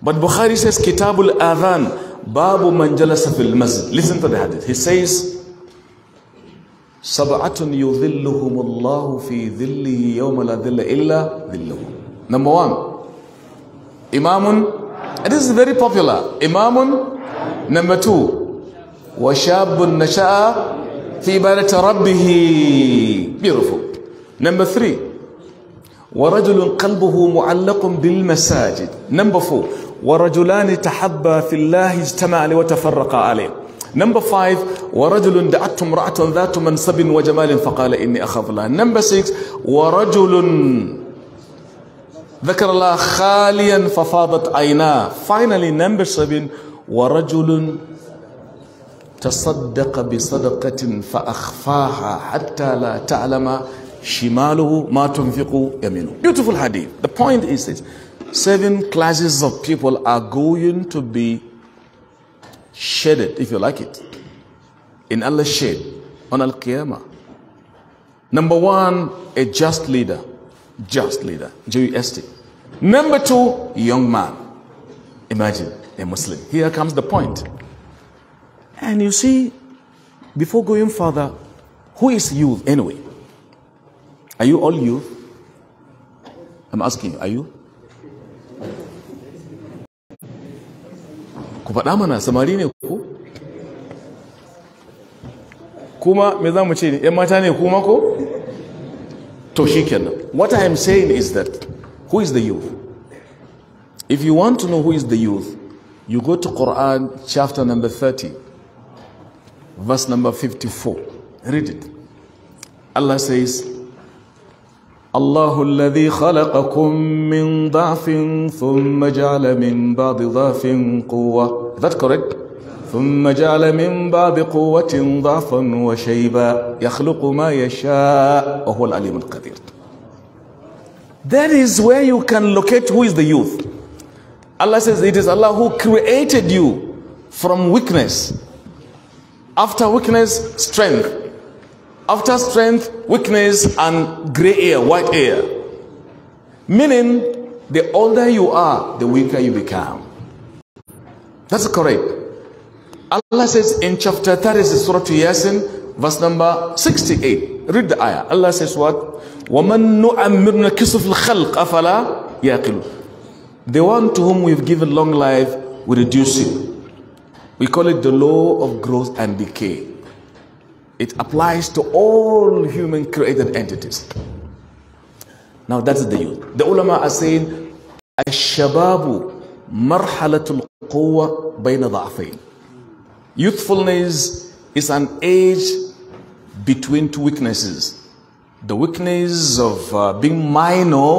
But Bukhari says Kitab al-Adhan. Babu Manjala Safil Masjid. Listen to the hadith. He says, سبعة يظلهم الله في ذله يوم لا ذل إلا ذلهم number one إمام this is very popular إمام number two وشاب نشأ في بارة ربه beautiful number three ورجل قلبه معلق بالمساجد number four ورجلان تحبا في الله اجتمع وتفرقا عليه Number five, ورجل دعت امرأة ذات منصب وجمال فقال إني أخاف الله. Number six, ورجل ذكر الله خاليا ففاضت عيناه. Finally, number seven, ورجل تصدق بصدقة فأخفاها حتى لا تعلم شماله ما تنفق يمينه. Beautiful hadith. The point is this. Seven classes of people are going to be it if you like it, in Allah's shade on Al Qiyamah. Number one, a just leader. Just leader, J U S T. Number two, young man. Imagine a Muslim. Here comes the point. And you see, before going further, who is youth anyway? Are you all youth? I'm asking you, are you? ku faɗa mana samari ne kuma me za mu ce ne ‘yan kuma ko to shi what i am saying is that who is the youth if you want to know who is the youth you go to quran chapter number 30 verse number 54 read it allah says الله الذي خلقكم من ضعف ثم جعل من بعض ضعف قوة Is that correct? ثم جعل من بعض قوة ضعفا وشيبا يخلق ما يشاء وهو العليم القدير That is where you can locate who is the youth. Allah says it is Allah who created you from weakness. After weakness, strength. After strength, weakness, and gray hair, white hair. Meaning, the older you are, the weaker you become. That's correct. Allah says in chapter 30, Surah Yasin, verse number 68. Read the ayah. Allah says what? وَمَن نُعَمِّرْنَا كِسُفُ الْخَلْقِ أَفَلَا يَعْقِلُ The one to whom we've given long life, we reduce it. We call it the law of growth and decay. It applies to all human created entities. Now that's the youth. The ulama are saying, الشباب marhalatul القوة bayna ضعفين. Youthfulness is an age between two weaknesses. The weakness of uh, being minor,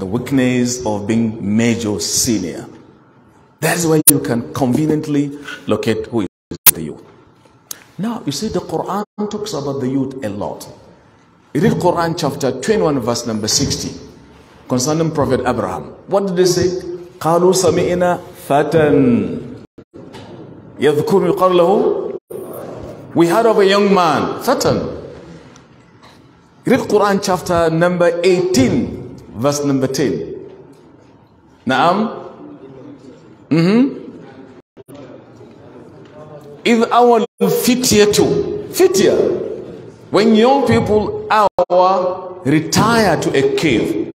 the weakness of being major senior. That's where you can conveniently locate who is the youth. Now, you see, the Quran talks about the youth a lot. read Quran chapter 21, verse number 60, concerning Prophet Abraham. What did they say? قالوا سمعنا فتى يذكر يقال له We heard of a young man, فتى. Read Quran chapter number 18, verse number 10. Naam? Mm-hmm. If our fitya fitia, fitya, when young people are retire to a cave.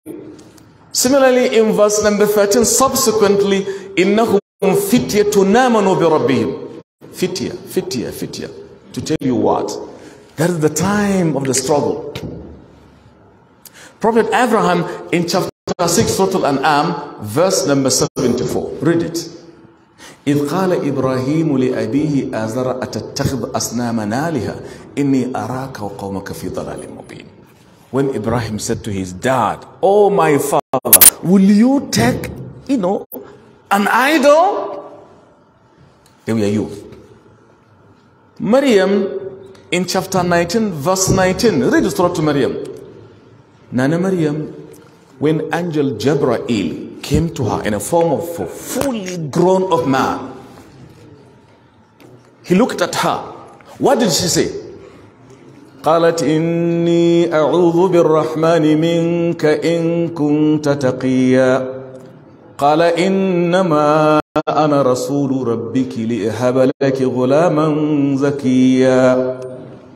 Similarly, in verse number 13, subsequently, إِنَّهُمْ فِتْيَةٌ آمَنُوا بِرَبِّهِمْ fitia, fitia, fitia. To tell you what? That is the time of the struggle. Prophet Abraham in chapter 6, total and am verse number 74. Read it. إذ قال إبراهيم لأبيه آزر أتتخذ أصناما نالها إني أراك وقومك في ضلال مبين When Ibrahim said to his dad, Oh my father, will you take, you know, an idol? They were youth. Maryam in chapter 19, verse 19, read the story to Maryam. Nana Maryam, when angel Jabrail came to her in a form of a fully grown up man. He looked at her. What did she say? قالت إني أعوذ بالرحمن منك إن كنت تقيا قال إنما أنا رسول ربك لأهب لك غلاما زكيا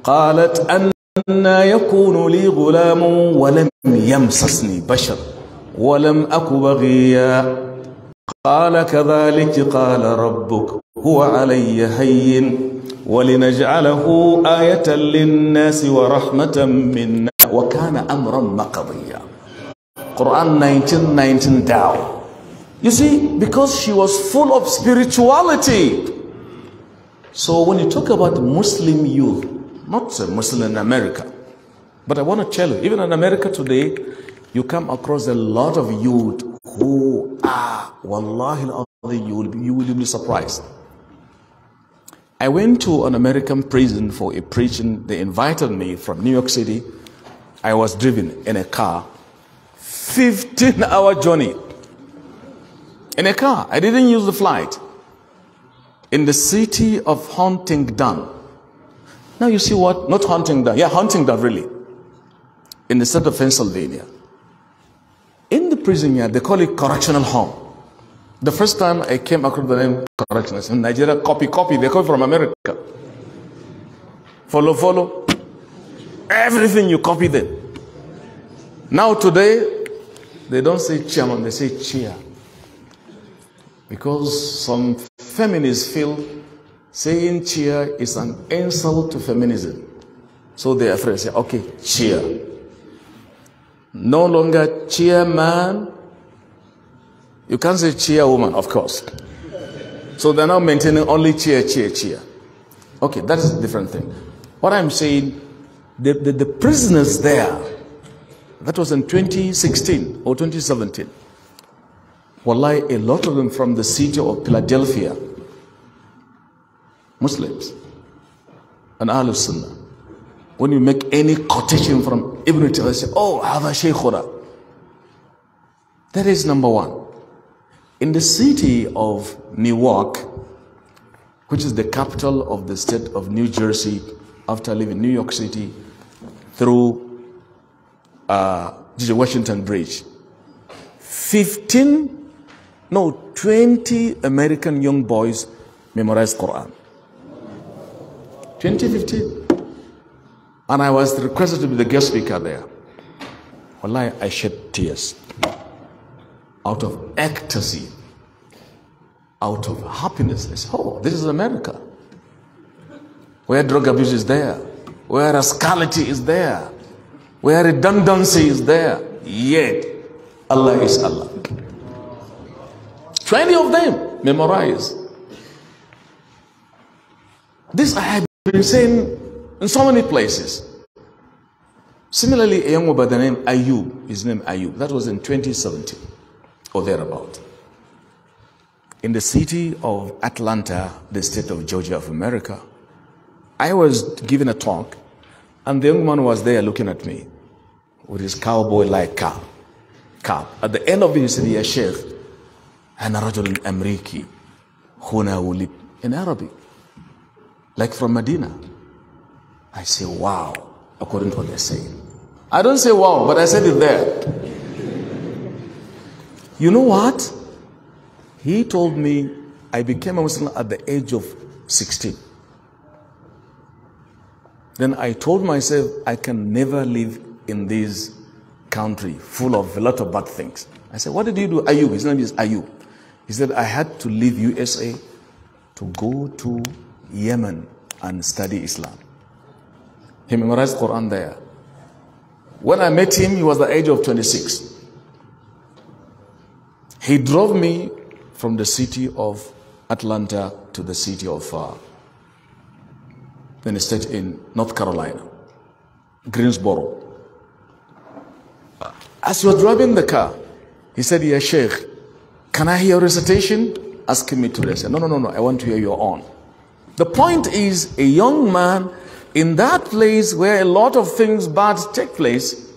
قالت أنا يكون لي غلام ولم يمسسني بشر ولم أك بغيا قال كذلك قال ربك هو علي هين ولنجعله آية للناس ورحمة منا وكان أمرا مقضيا قرآن 1919 19 You see, because she was full of spirituality. So when you talk about Muslim youth, not Muslim in America, but I want to tell you, even in America today, You come across a lot of youth who are, wallahi, you will be, you will be surprised. I went to an American prison for a preaching. They invited me from New York City. I was driven in a car, 15 hour journey. In a car. I didn't use the flight. In the city of Huntingdon. Now you see what? Not Huntingdon. Yeah, Huntingdon, really. In the state of Pennsylvania prison yeah, they call it correctional home. The first time I came across the name correctional in Nigeria, copy, copy, they come from America. Follow, follow. Everything you copy them. Now today, they don't say chairman, they say chair. Because some feminists feel saying chair is an insult to feminism. So they are afraid, say, okay, chair no longer chairman. You can't say chairwoman, of course. So they're now maintaining only chair, chair, chair. Okay, that's a different thing. What I'm saying, the, the, the prisoners there, that was in 2016 or 2017. Wallahi, a lot of them from the city of Philadelphia, Muslims, and Ahlul Sunnah. When you make any quotation from Ibn Taymiyyah, say, oh, Hava Shaykhura. That is number one. In the city of Newark, which is the capital of the state of New Jersey, after leaving New York City through uh, the Washington Bridge, 15, no, 20 American young boys memorized Quran. 2015. And I was requested to be the guest speaker there. Wallahi, I shed tears out of ecstasy, out of happiness. I said, Oh, this is America. Where drug abuse is there, where rascality is there, where redundancy is there. Yet, Allah is Allah. 20 of them memorize. This I have been saying in so many places. Similarly, a young man by the name Ayub, his name Ayub, that was in 2017 or thereabout. In the city of Atlanta, the state of Georgia of America, I was giving a talk and the young man was there looking at me with his cowboy-like cap. cap. At the end of it, he said, Ya Sheikh, أنا رجل huna هنا in Arabic, like from Medina. I say, wow, according to what they're saying. I don't say wow, but I said it there. you know what? He told me I became a Muslim at the age of 16. Then I told myself I can never live in this country full of a lot of bad things. I said, What did you do? "Ayu," His name is "Ayu," He said, I had to leave USA to go to Yemen and study Islam. He memorized Quran there. When I met him, he was the age of 26. He drove me from the city of Atlanta to the city of uh, then he stayed in North Carolina, Greensboro. As he was driving the car, he said, Yeah, Sheikh, can I hear a recitation? Asking me to recite. No, no, no, no, I want to hear your own. The point is, a young man in that place where a lot of things bad take place,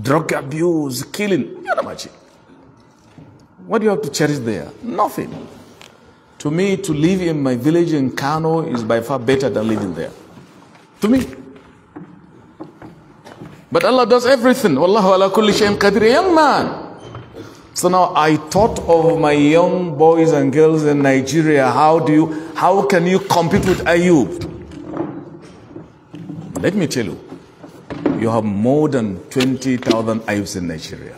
drug abuse, killing, you know, what do you have to cherish there? Nothing. To me, to live in my village in Kano is by far better than living there. To me. But Allah does everything. Wallahu ala kulli shayin qadir. Young man. So now I thought of my young boys and girls in Nigeria. How do you, how can you compete with Ayub? Let me tell you, you have more than 20,000 IFs in Nigeria.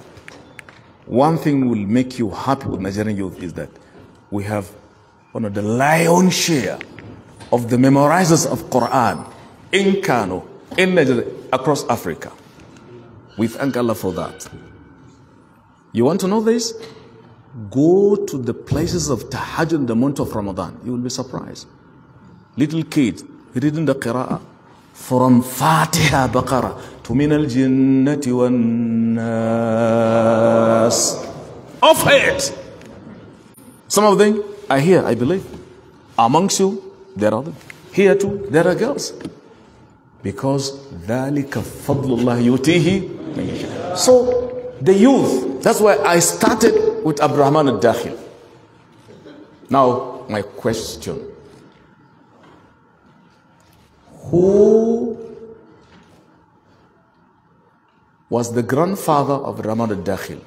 One thing will make you happy with Nigerian youth is that we have one of the lion share of the memorizers of Quran in Kano, in Nigeria, across Africa. We thank Allah for that. You want to know this? Go to the places of Tahajjud in the month of Ramadan. You will be surprised. Little kids reading the Qira'ah from Fatiha Baqarah to min al jinnati wan nas. Off it. Some of them are here, I believe. Amongst you, there are them. Here too, there are girls. Because ذَلِكَ فَضْلُ اللَّهِ So, the youth, that's why I started with Abrahman al-Dakhil. Now, my question. who was the grandfather of Ramad al-Dakhil.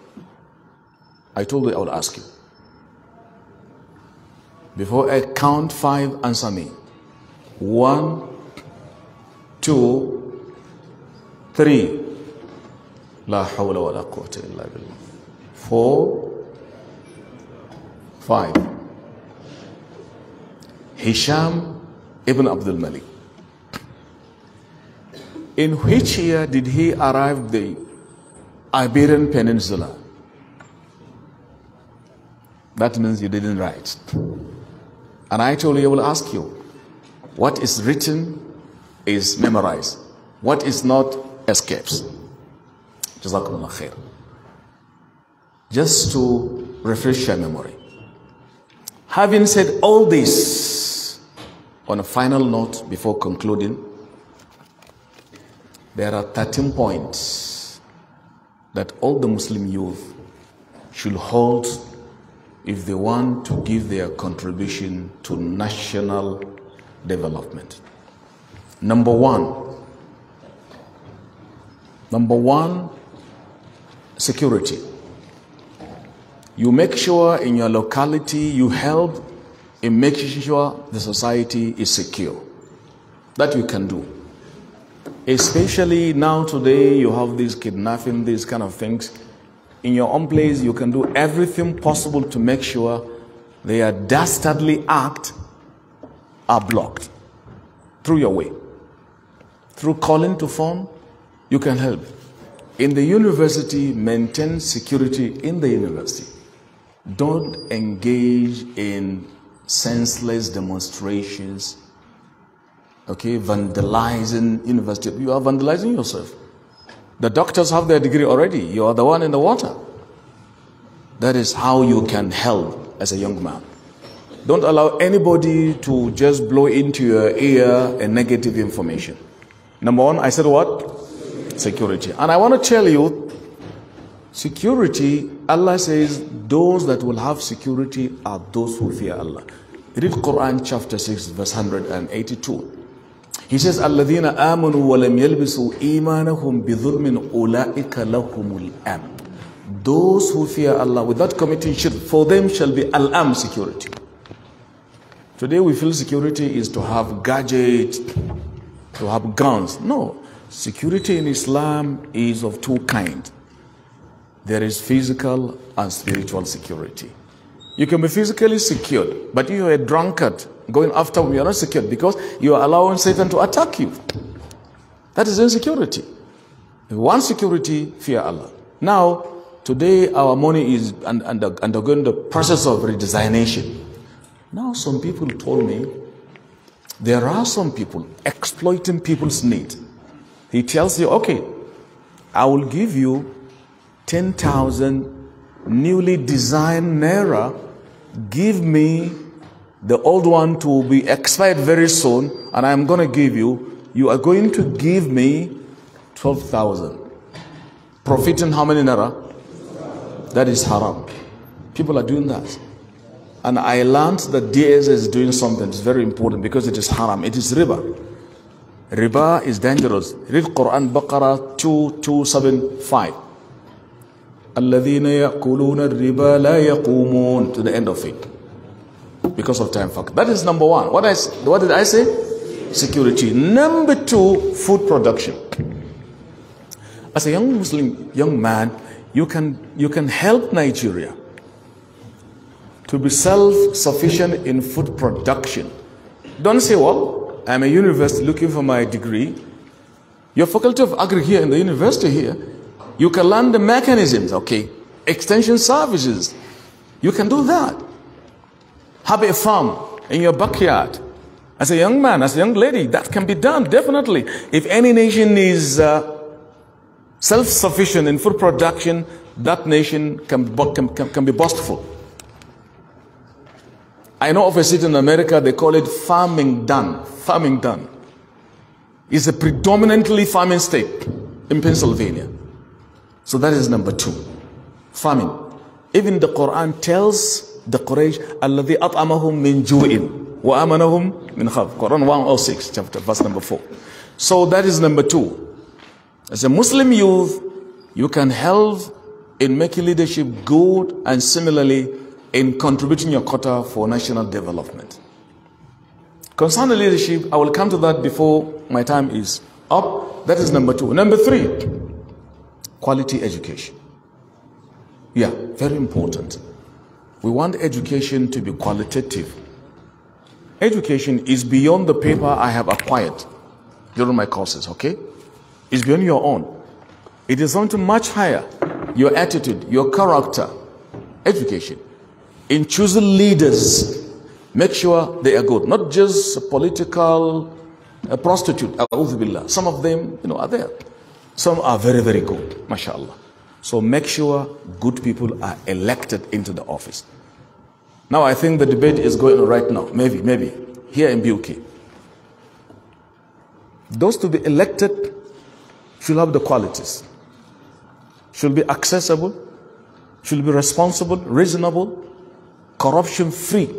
I told you I will ask you. Before I count five, answer me. One, two, three. La hawla wa la quwwata illa billah. Four, five. Hisham ibn Abdul Malik. In which year did he arrive the Iberian Peninsula? That means you didn't write. And I told you, I will ask you, what is written is memorized. What is not escapes. Jazakumullah khair. Just to refresh your memory. Having said all this, on a final note before concluding, there are 13 points that all the Muslim youth should hold if they want to give their contribution to national development. Number one, number one, security. You make sure in your locality you help in making sure the society is secure. That you can do. Especially now today, you have these kidnapping, these kind of things. In your own place, you can do everything possible to make sure their dastardly act are blocked through your way. Through calling to phone, you can help. In the university, maintain security in the university. Don't engage in senseless demonstrations okay, vandalizing university. You are vandalizing yourself. The doctors have their degree already. You are the one in the water. That is how you can help as a young man. Don't allow anybody to just blow into your ear a negative information. Number one, I said what? Security. And I want to tell you, security, Allah says, those that will have security are those who fear Allah. Read Quran chapter 6, verse 182. He says, Alladina amanu walam yalbisu imanahum bidhulmin ulaika lahumul am. Those who fear Allah without committing shirk, for them shall be al-am security. Today we feel security is to have gadgets, to have guns. No, security in Islam is of two kinds. There is physical and spiritual security. You can be physically secured, but if you're a drunkard, going after we you are not secured because you are allowing Satan to attack you. That is insecurity. One security, fear Allah. Now, today our money is under, undergoing the process of redesignation. Now, some people told me there are some people exploiting people's need. He tells you, okay, I will give you 10,000 newly designed naira. Give me the old one to be expired very soon, and I'm going to give you, you are going to give me 12,000. Profiting how many naira? That is haram. People are doing that. And I learned that D S is doing something It's very important because it is haram. It is riba. Riba is dangerous. Read Quran Baqarah 2275. الذين يأكلون الربا لا يقومون to the end of it because of time factor. That is number one. What, I, what did I say? Security. Number two, food production. As a young Muslim, young man, you can, you can help Nigeria to be self-sufficient in food production. Don't say, well, I'm a university looking for my degree. Your faculty of agri here in the university here, you can learn the mechanisms, okay? Extension services, you can do that have a farm in your backyard. As a young man, as a young lady, that can be done, definitely. If any nation is uh, self-sufficient in food production, that nation can, can, can, can be boastful. I know of a city in America, they call it farming done. Farming done. It's a predominantly farming state in Pennsylvania. So that is number two. Farming. Even the Quran tells the Quraysh الذي أطعمهم من جوع وآمنهم من خوف Quran 106 chapter verse number 4 so that is number 2 as a Muslim youth you can help in making leadership good and similarly in contributing your quota for national development concerning leadership I will come to that before my time is up that is number 2 number 3 quality education yeah very important we want education to be qualitative. Education is beyond the paper I have acquired during my courses, okay? It's beyond your own. It is something much higher. Your attitude, your character, education. In choosing leaders, make sure they are good, not just political a uh, prostitute, some of them, you know, are there. Some are very, very good, mashallah. So make sure good people are elected into the office. Now I think the debate is going on right now, maybe, maybe, here in Buki. Those to be elected should have the qualities, should be accessible, should be responsible, reasonable, corruption free.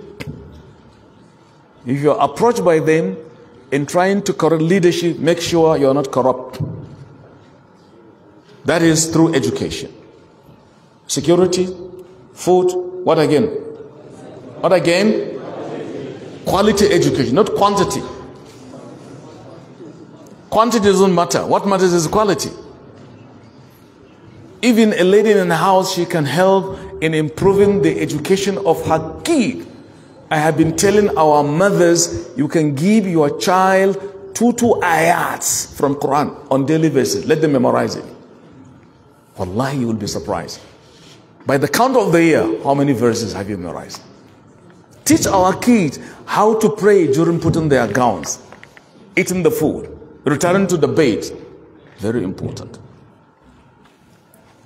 If you're approached by them in trying to corrupt leadership, make sure you're not corrupt. That is through education. Security, food, what again? What again? Quality education, not quantity. Quantity doesn't matter. What matters is quality. Even a lady in the house, she can help in improving the education of her kid. I have been telling our mothers, you can give your child two to ayats from Quran on daily basis. Let them memorize it. Wallahi, you will be surprised. By the count of the year, how many verses have you memorized? Teach our kids how to pray during putting their gowns, eating the food, returning to the bed. Very important.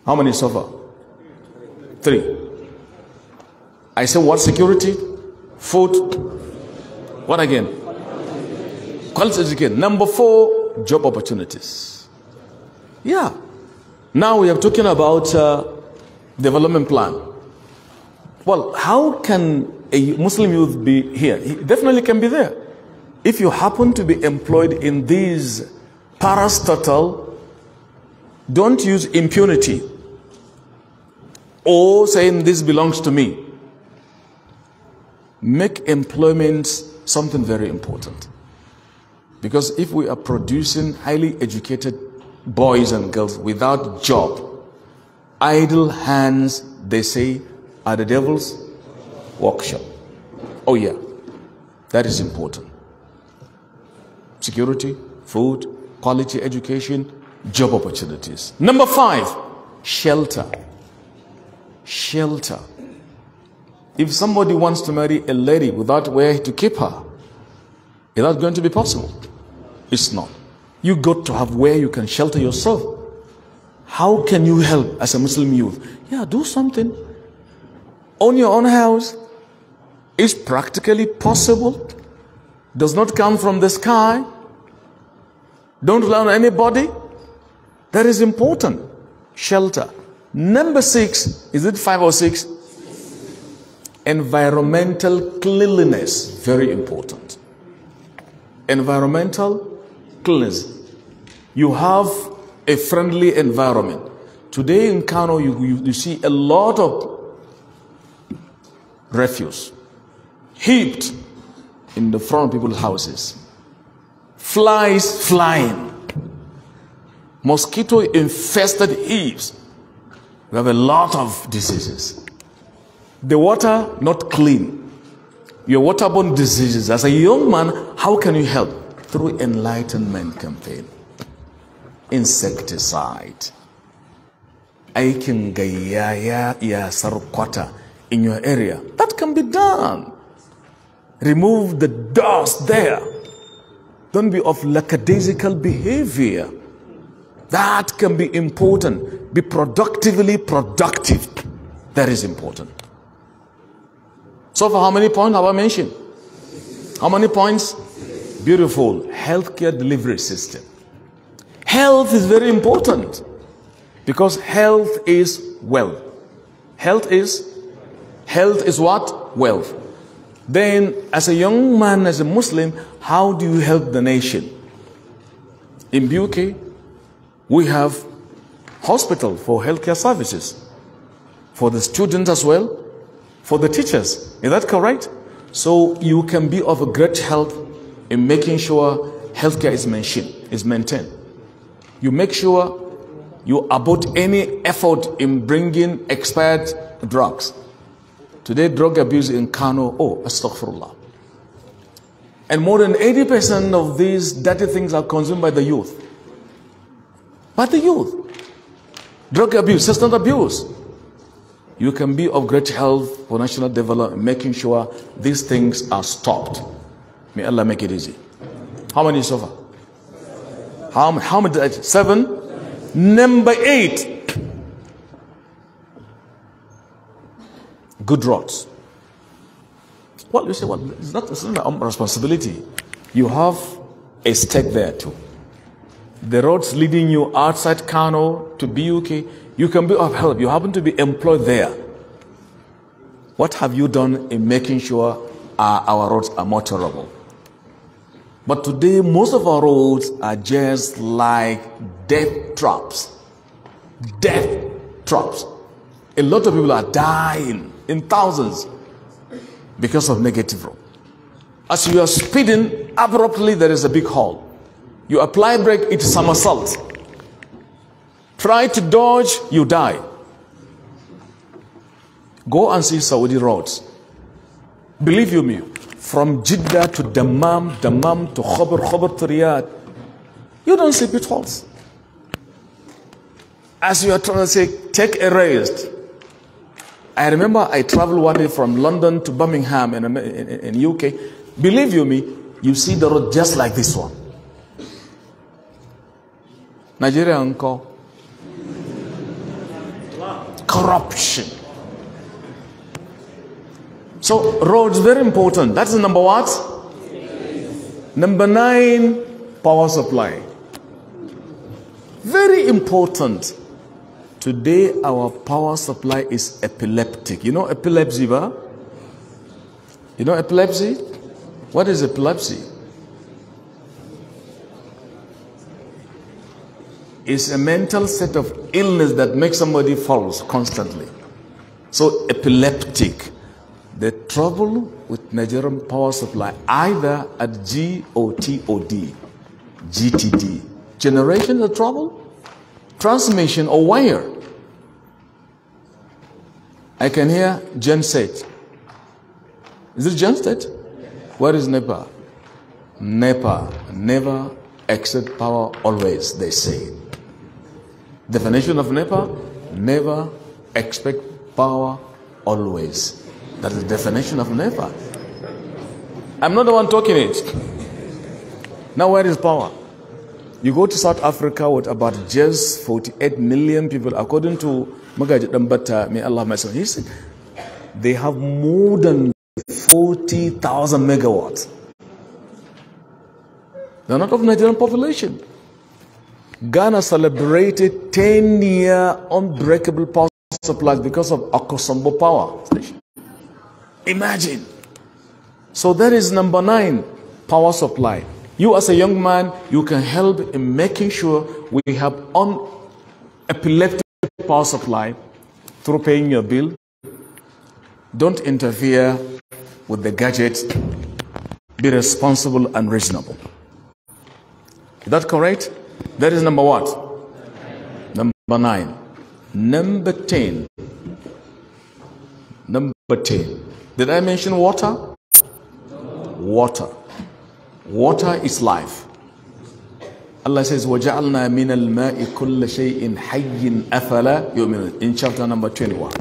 How many so far? Three. I say what security? Food. What again? Quality education. Number four, job opportunities. Yeah. Now we are talking about uh, development plan. Well, how can a Muslim youth be here? He definitely can be there. If you happen to be employed in these parastatal, don't use impunity or oh, saying this belongs to me. Make employment something very important. Because if we are producing highly educated boys and girls without job. Idle hands, they say, are the devil's workshop. Oh, yeah, that is important. Security, food, quality education, job opportunities. Number five, shelter. Shelter. If somebody wants to marry a lady without where to keep her, is that going to be possible? It's not. You got to have where you can shelter yourself. How can you help as a Muslim youth? Yeah, do something. Own your own house. It's practically possible. Does not come from the sky. Don't rely on anybody. That is important. Shelter. Number six, is it five or six? Environmental cleanliness. Very important. Environmental cleanliness. You have a friendly environment. Today in Kano, you, you, you see a lot of refuse heaped in the front of people's houses. Flies flying. Mosquito infested heaps. We have a lot of diseases. The water not clean. Your waterborne diseases. As a young man, how can you help? through enlightenment campaign insecticide aikin gayya ya yasar kwata in your area that can be done remove the dust there don't be of lackadaisical behavior that can be important be productively productive that is important so for how many points have i mentioned how many points beautiful healthcare delivery system. Health is very important because health is wealth. Health is health is what? Wealth. Then as a young man, as a Muslim, how do you help the nation? In UK, we have hospital for healthcare services for the students as well, for the teachers. Is that correct? So you can be of a great help in making sure healthcare is maintained. Is maintained. You make sure you abort any effort in bringing expired drugs. Today, drug abuse in Kano, oh, astaghfirullah. And more than 80% of these dirty things are consumed by the youth. By the youth. Drug abuse, system abuse. You can be of great help for national development, making sure these things are stopped. May Allah make it easy. How many so far? How, how many? seven? Number eight. Good roads. Well, you say, well, it's not, it's not my responsibility. You have a stake there too. The roads leading you outside Kano to BUK, you can be of help. You happen to be employed there. What have you done in making sure our, uh, our roads are more but today, most of our roads are just like death traps. Death traps. A lot of people are dying in thousands because of negative road. As you are speeding, abruptly there is a big hole. You apply brake, it somersaults. Try to dodge, you die. Go and see Saudi roads. Believe you me, from Jeddah to Dammam, Dammam to Khobar, Khobar to Riyadh. You don't see pitfalls. As you are trying to say, take a rest. I remember I traveled one day from London to Birmingham in, in, in UK. Believe you me, you see the road just like this one. Nigeria uncle. Corruption. So roads, very important. That's the number what? Number nine, power supply. Very important. Today our power supply is epileptic. You know epilepsy, ba? You know epilepsy? What is epilepsy? It's a mental set of illness that makes somebody false constantly. So epileptic the trouble with Nigerian power supply either at G or T or GTD. Generation the trouble, transmission or wire. I can hear genset. Is it genset? Where is NEPA? NEPA, never expect power always, they say. Definition of NEPA, never expect power always. That is the definition of never. I'm not the one talking it. Now, where is power? You go to South Africa with about just 48 million people, according to Magaji Dambata, may Allah mercy. He said they have more than 40,000 megawatts. They're not of Nigerian population. Ghana celebrated 10 year unbreakable power supplies because of Akosombo power station. Imagine. So that is number nine, power supply. You as a young man, you can help in making sure we have on epileptic power supply through paying your bill. Don't interfere with the gadget. Be responsible and reasonable. Is that correct? That is number what? Number nine. Number ten. Number ten. Did I mention water? Water. Water is life. Allah says, وَجَعَلْنَا مِنَ الْمَاءِ كُلَّ شَيْءٍ حَيٍّ أَفَلَا يُؤْمِنُونَ In chapter number 21.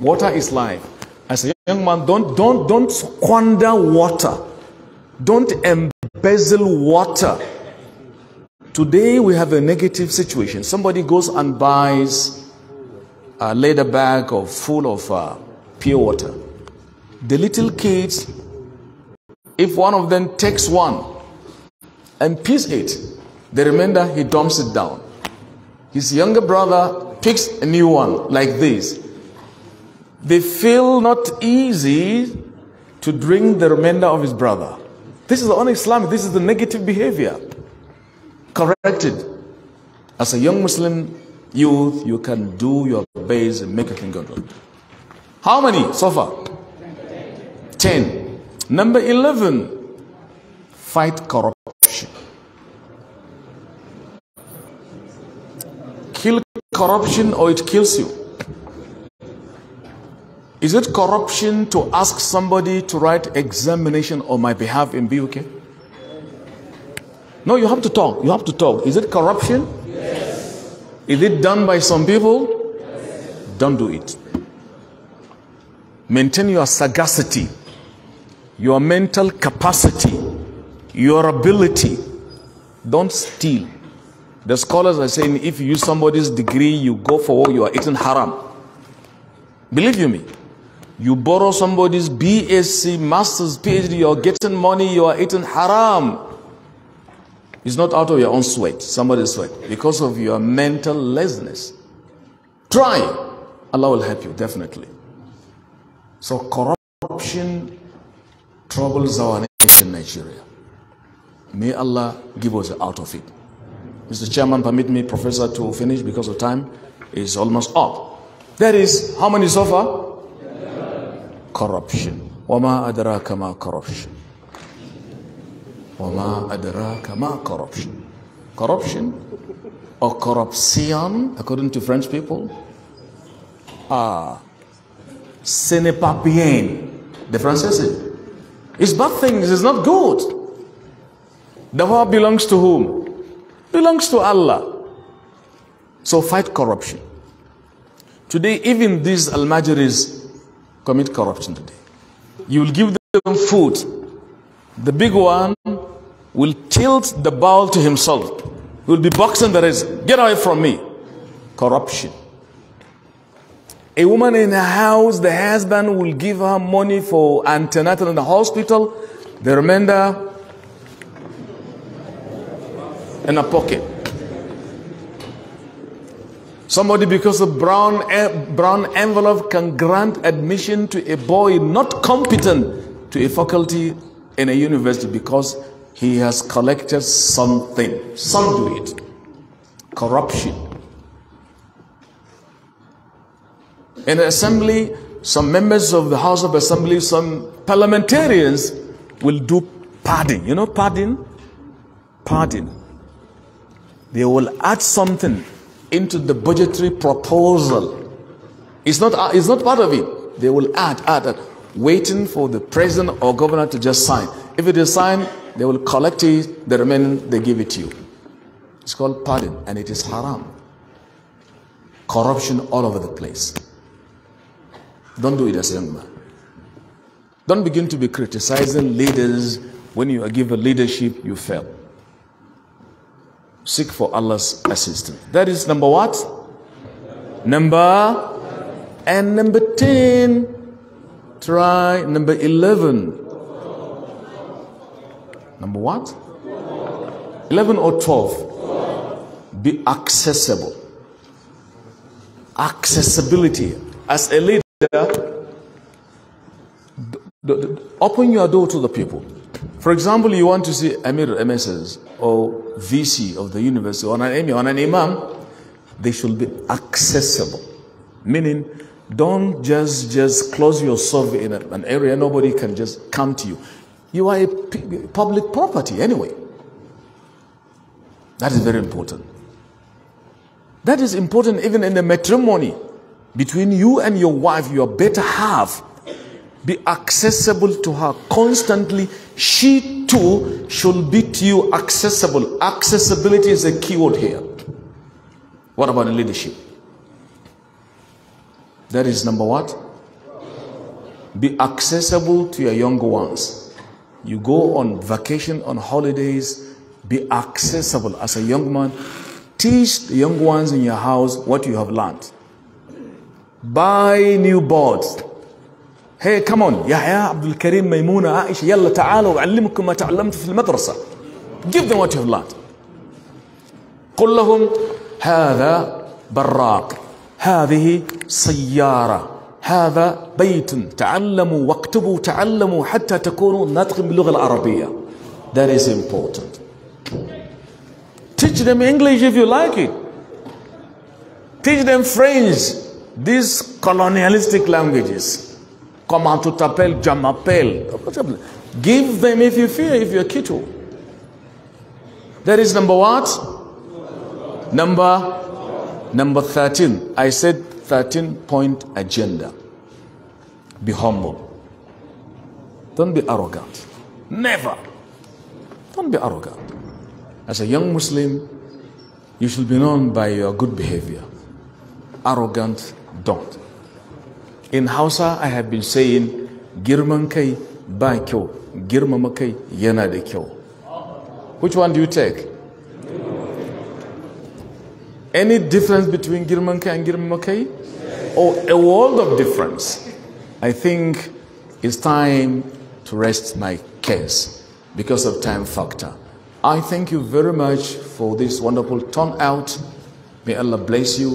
Water is life. As a young man, don't, don't, don't squander water. Don't embezzle water. Today we have a negative situation. Somebody goes and buys a leather bag of full of uh, pure water the little kids, if one of them takes one and pees it, the remainder he dumps it down. His younger brother picks a new one like this. They feel not easy to drink the remainder of his brother. This is the un-Islamic. This is the negative behavior. Corrected. As a young Muslim youth, you can do your best and make a thing go good. How many so far? 10. Number 11, fight corruption. Kill corruption or it kills you. Is it corruption to ask somebody to write examination on my behalf in BUK? No, you have to talk. You have to talk. Is it corruption? Yes. Is it done by some people? Yes. Don't do it. Maintain your sagacity your mental capacity, your ability. Don't steal. The scholars are saying if you use somebody's degree, you go for what you are eating haram. Believe you me. You borrow somebody's BSc, master's, PhD, you're getting money, you are eating haram. It's not out of your own sweat, somebody's sweat, because of your mental laziness. Try. Allah will help you, definitely. So corruption troubles our nation, Nigeria. May Allah give us out of it. Mr. Chairman, permit me, Professor, to finish because of time is almost up. That is, how many so far? Corruption. وَمَا adara kama corruption. وَمَا adara kama corruption. Corruption or corruption, according to French people, ah, ce n'est pas bien. The French says it. It's bad things, it's not good. Dawah belongs to whom? Belongs to Allah. So fight corruption. Today, even these Almajiris commit corruption today. You will give them food. The big one will tilt the bowl to himself. He will be boxing the rest. Get away from me. Corruption. A woman in a house, the husband will give her money for antenatal in the hospital. The remainder in a pocket. Somebody because a brown, eh, brown envelope can grant admission to a boy not competent to a faculty in a university because he has collected something. Some do it. Corruption. in the assembly, some members of the House of Assembly, some parliamentarians will do padding. You know padding? Padding. They will add something into the budgetary proposal. It's not, it's not part of it. They will add, add, add, waiting for the president or governor to just sign. If it is signed, they will collect it, the remaining, they give it to you. It's called padding and it is haram. Corruption all over the place. Don't do it as a young man. Don't begin to be criticizing leaders when you are given leadership, you fail. Seek for Allah's assistance. That is number what? Number and number 10. Try number 11. Number what? 11 or 12. Be accessible. Accessibility. As a leader, the, the, the, open your door to the people. For example, you want to see Amir MSS or VC of the university or an, or an Imam, they should be accessible. Meaning, don't just, just close yourself in an area, nobody can just come to you. You are a public property anyway. That is very important. That is important even in the matrimony between you and your wife, your better half, be accessible to her constantly. She too should be to you accessible. Accessibility is a keyword here. What about leadership? That is number what? Be accessible to your younger ones. You go on vacation, on holidays, be accessible as a young man. Teach the young ones in your house what you have learned. buy new boards هي كمون يحيى عبد الكريم ميمونة عائشة يلا تعالوا أعلمكم ما تعلمتوا في المدرسة give them what you've learned قل لهم هذا براق هذه سيارة هذا بيت تعلموا واكتبوا تعلموا حتى تكونوا ناطقين باللغة العربية that is important teach them English if you like it teach them French These colonialistic languages, Komatutapel, Jamapel, give them if you fear, if you're Kitu. That is number what? Number, number 13. I said 13 point agenda. Be humble. Don't be arrogant. Never. Don't be arrogant. As a young Muslim, you should be known by your good behavior. Arrogant don't. In Hausa, I have been saying, girman kai ba kyau, girmama kai yana da kyau. Which one do you take? Any difference between girman kai and girmama kai? Or oh, a world of difference. I think it's time to rest my case because of time factor. I thank you very much for this wonderful turnout. May Allah bless you.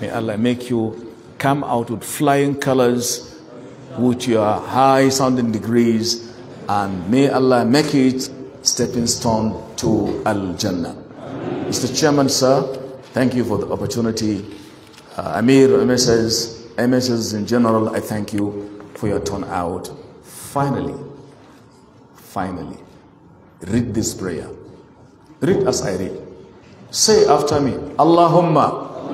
May Allah make you come out with flying colors with your high sounding degrees and may Allah make it stepping stone to Al-Jannah. Mr. Chairman, sir, thank you for the opportunity. Uh, Amir, MSS, MSS in general, I thank you for your turnout. Finally, finally, read this prayer. Read as I read. Say after me, Allahumma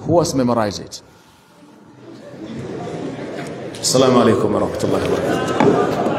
Who has memorized it? Assalamu alaikum wa rahmatullahi wa barakatuh.